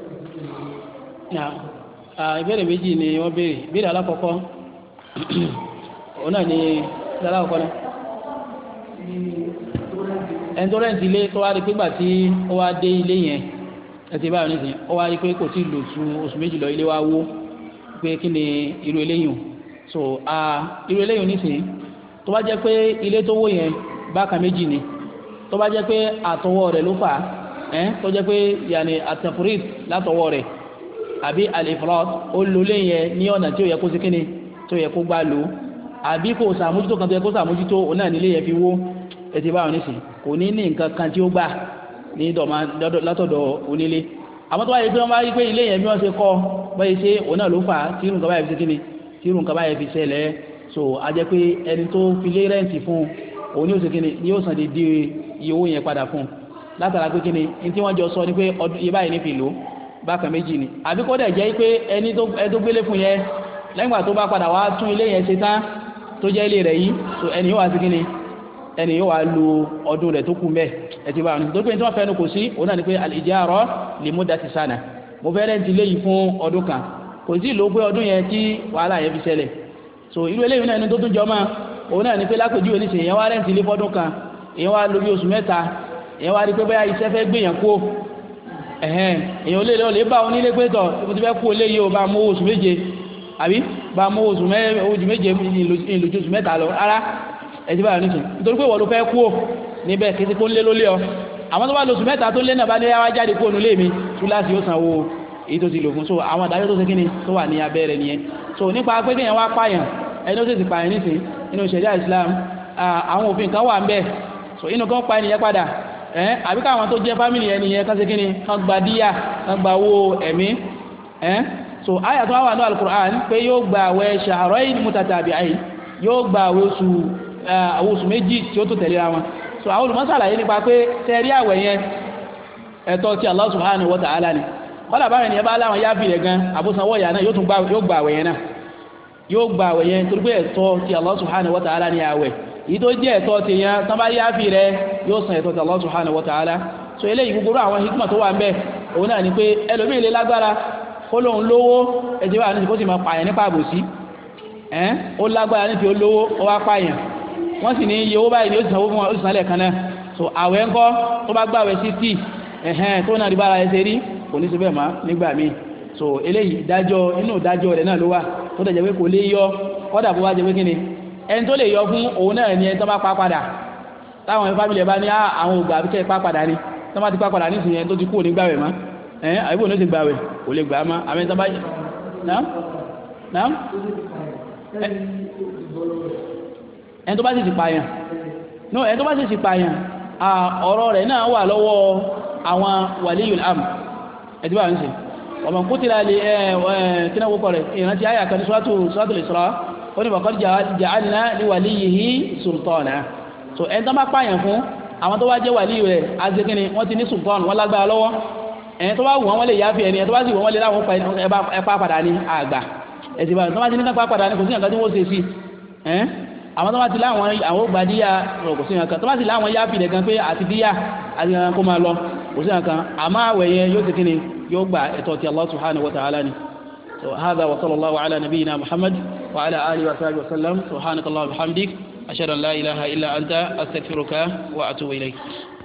Uh, ìbéèrè méjì ni wọ́n béèrè ìbéèrè alákọ̀ọ́kọ́ òun náà ni ìbéèrè alákọ̀ọ́kọ́ náà ẹni tó rẹ́ǹtì ilé tó wá rí pé gbà tí ó wá dé ilé yẹn ẹtì báyọ̀ nísìnyí ó wá rí pé kò tí lò ju oṣù méjì ilé wa wó pé kí ni irú eléyìí so irú eléyìí nísìnyí tó bá jẹ́ pé ilé tó wó yẹn bákan méjì ni tó bá jẹ́ pé àtọwọ́ rẹ̀ ló fà á tó jẹ́ pé yàní àtẹ̀fúrìt látọwọ́ rẹ̀ àbí alifrot ó lo lé yẹn ní ọ̀nà tí ó yẹ kó sí kíni tó yẹ kó gbá lò àbí kò sàmójútó kan tó yẹ kó sàmójútó òun náà nílé yẹn fi wó ẹtì báwọn nísìn kò ní ní nǹkan kan tí ó gbà ní dọ̀mà látọ̀dọ̀ onílé àmọ́ tó wáyé pé wọ́n bá rí pé ilé yẹn bí wọ́n ṣe kọ́ báyìí ṣe òun náà ló fà á tí irú nǹkan báyìí fi kíni tí irú nǹkan báyìí fi ṣẹlẹ̀ so a jẹ́ pé ẹni tó fi lé rẹ́ǹtì fún òun ní òṣèkíni ni yóò san dédé iye owó yẹn padà fún un látara pé kíni ní tí wọ́n jọ sọ ni pé ọdún yìí báyìí ní fi lò ó bákan méjì ni àbí kó dẹ̀ jẹ́ pé ẹni tó gbélé fún yẹn lẹ́yìn tó bá padà wá tún ilé yẹn ṣe tán tó jẹ́ ilé rẹ̀ yìí so ẹni yóò wá sí kíni ẹni yóò wá lu ọdún rẹ̀ tó kù mẹ́ ẹtì bá wọn tó pé tí wọ́n fẹ́ kò sí òun náà ni pé al-ijara li muddati sana mo fẹ́ rẹ̀ ti léyìí fún ọdún kan kò sí ìlú pé ọdún yẹn tí wàhálà yẹn fi ṣẹlẹ̀ so irú eléyìí náà ni tó tún jọ ni pé lápèjúwe ní sèyàn wá rẹ̀ ti lé fọ́dún kan èyàn wá lo bí oṣù mẹ́ta èyàn ẹ̀hẹ́n èèyàn olè lọ́lẹ̀ bá onílé pé tọ̀ mo ti fẹ́ kú olè yìí o bá mówó oṣù méje àbí bá mówó oṣù méje ìlòjì oṣù mẹ́ta lọ rárá ẹ̀dí bá nìkan nítorí pé ìwọ ló fẹ́ kú o níbẹ̀ kí ti kó ń lé lólé ọ àwọn tó bá lóṣù mẹ́ta tó lé náà bá ní wá jáde kó onúlé mi túláàsì yóò sanwó èyí tó ti lò fún so àwọn àdájọ́ tó ṣe kí ni tó wà ní abẹ́ rẹ̀ nìyẹn so nípa pé kéèyàn wá pààyàn ẹni ó sì ti pààyàn nísìn nínú ìṣẹ̀lẹ̀ Islam àwọn òfin kan wà ń bẹ̀ so inú kan pa ẹnìyẹn padà ẹ àbí àwọn tó jẹ́ fámìlì ẹni yẹn kán ṣe kí ni kán gba díyà kán gba owó ẹ̀mí so àyà tó wà ní alukur'an pé yóò gba àwẹ̀ shahrayn mutatabi'ayn yóò gba àwẹ̀ oṣù àwọn oṣù méjì tí ó tó tẹ̀lé ra wọn so àwọn olùmọ́sàlàyé nípa pé tẹ̀rí àwẹ̀ yẹn ẹ̀tọ́ ti Allah subhanahu wa ta'ala ni kọ́lá ìdó jẹ́ ẹ̀tọ́ ti yan tán bá fi rẹ yóò san ẹ̀tọ́ ti Allah subhanahu wa ta'ala so eléyìí gbogbo àwọn hikma tó wà ń bẹ òun náà ni pé ẹlòmíì lè lágbára kó lóun lówó ẹ̀jẹ̀ wà níbi kó sì máa pààyàn nípa àbòsí ẹ̀ ó lágbára ní iye so àwẹ̀ eléyìí inú ẹni tó lè yọ fún òun náà ni ẹni tó bá pa padà táwọn ẹni fámìlì ẹ bá ní ah, àwọn ògbà àbíkẹ́ pa padà ni tó bá ti pa padà nísìnyí ẹni tó ti kú òní gbàwẹ̀ mọ́ ẹ̀ àbíkú òní ti gbàwẹ̀ kò lè gbà á àmì tó bá yẹ. ẹni tó bá sì ti pààyàn no ẹni tó bá sì ti pààyàn ọ̀rọ̀ rẹ̀ náà wà lọ́wọ́ àwọn wàlíyùl am ẹ̀dí bá ń sè ọmọ kútìlá lè ẹ̀ ẹ̀ kí ó ní bàkọ́ ja'alna li waliyyihi sultana so ẹni tó bá pààyàn fún àwọn tó bá jẹ́ wàlíyì rẹ̀ azekini wọ́n ti ní sultan wọ́n lágbára lọ́wọ́ ẹni tó bá wù wọ́n wọ́n lè yáfi ẹni ẹni tó bá sì wù wọ́n lè láwọn ẹ̀pá padà ní àgbà ẹ̀sìn báyìí tó bá ti ní kápá padà ní kò sí nǹkan tí wọ́n ṣe sí ẹ́n àwọn tó bá ti láwọn àwọn ògbà kò sí nǹkan tó bá sì láwọn yáfi rẹ̀ gan pé àti díyà àti nǹkan kó máa lọ kò sí nǹkan àmọ́ àwẹ̀ yẹn yóò ti kíni yóò gba ẹ̀tọ́ ti Allah subhanahu wa ta'ala ni so hadha wa sallallahu ala nabiyyina Muhammad وعلى آله وصحبه وسلم سبحانك اللهم وبحمدك أشهد أن لا إله إلا أنت أستغفرك وأتوب إليك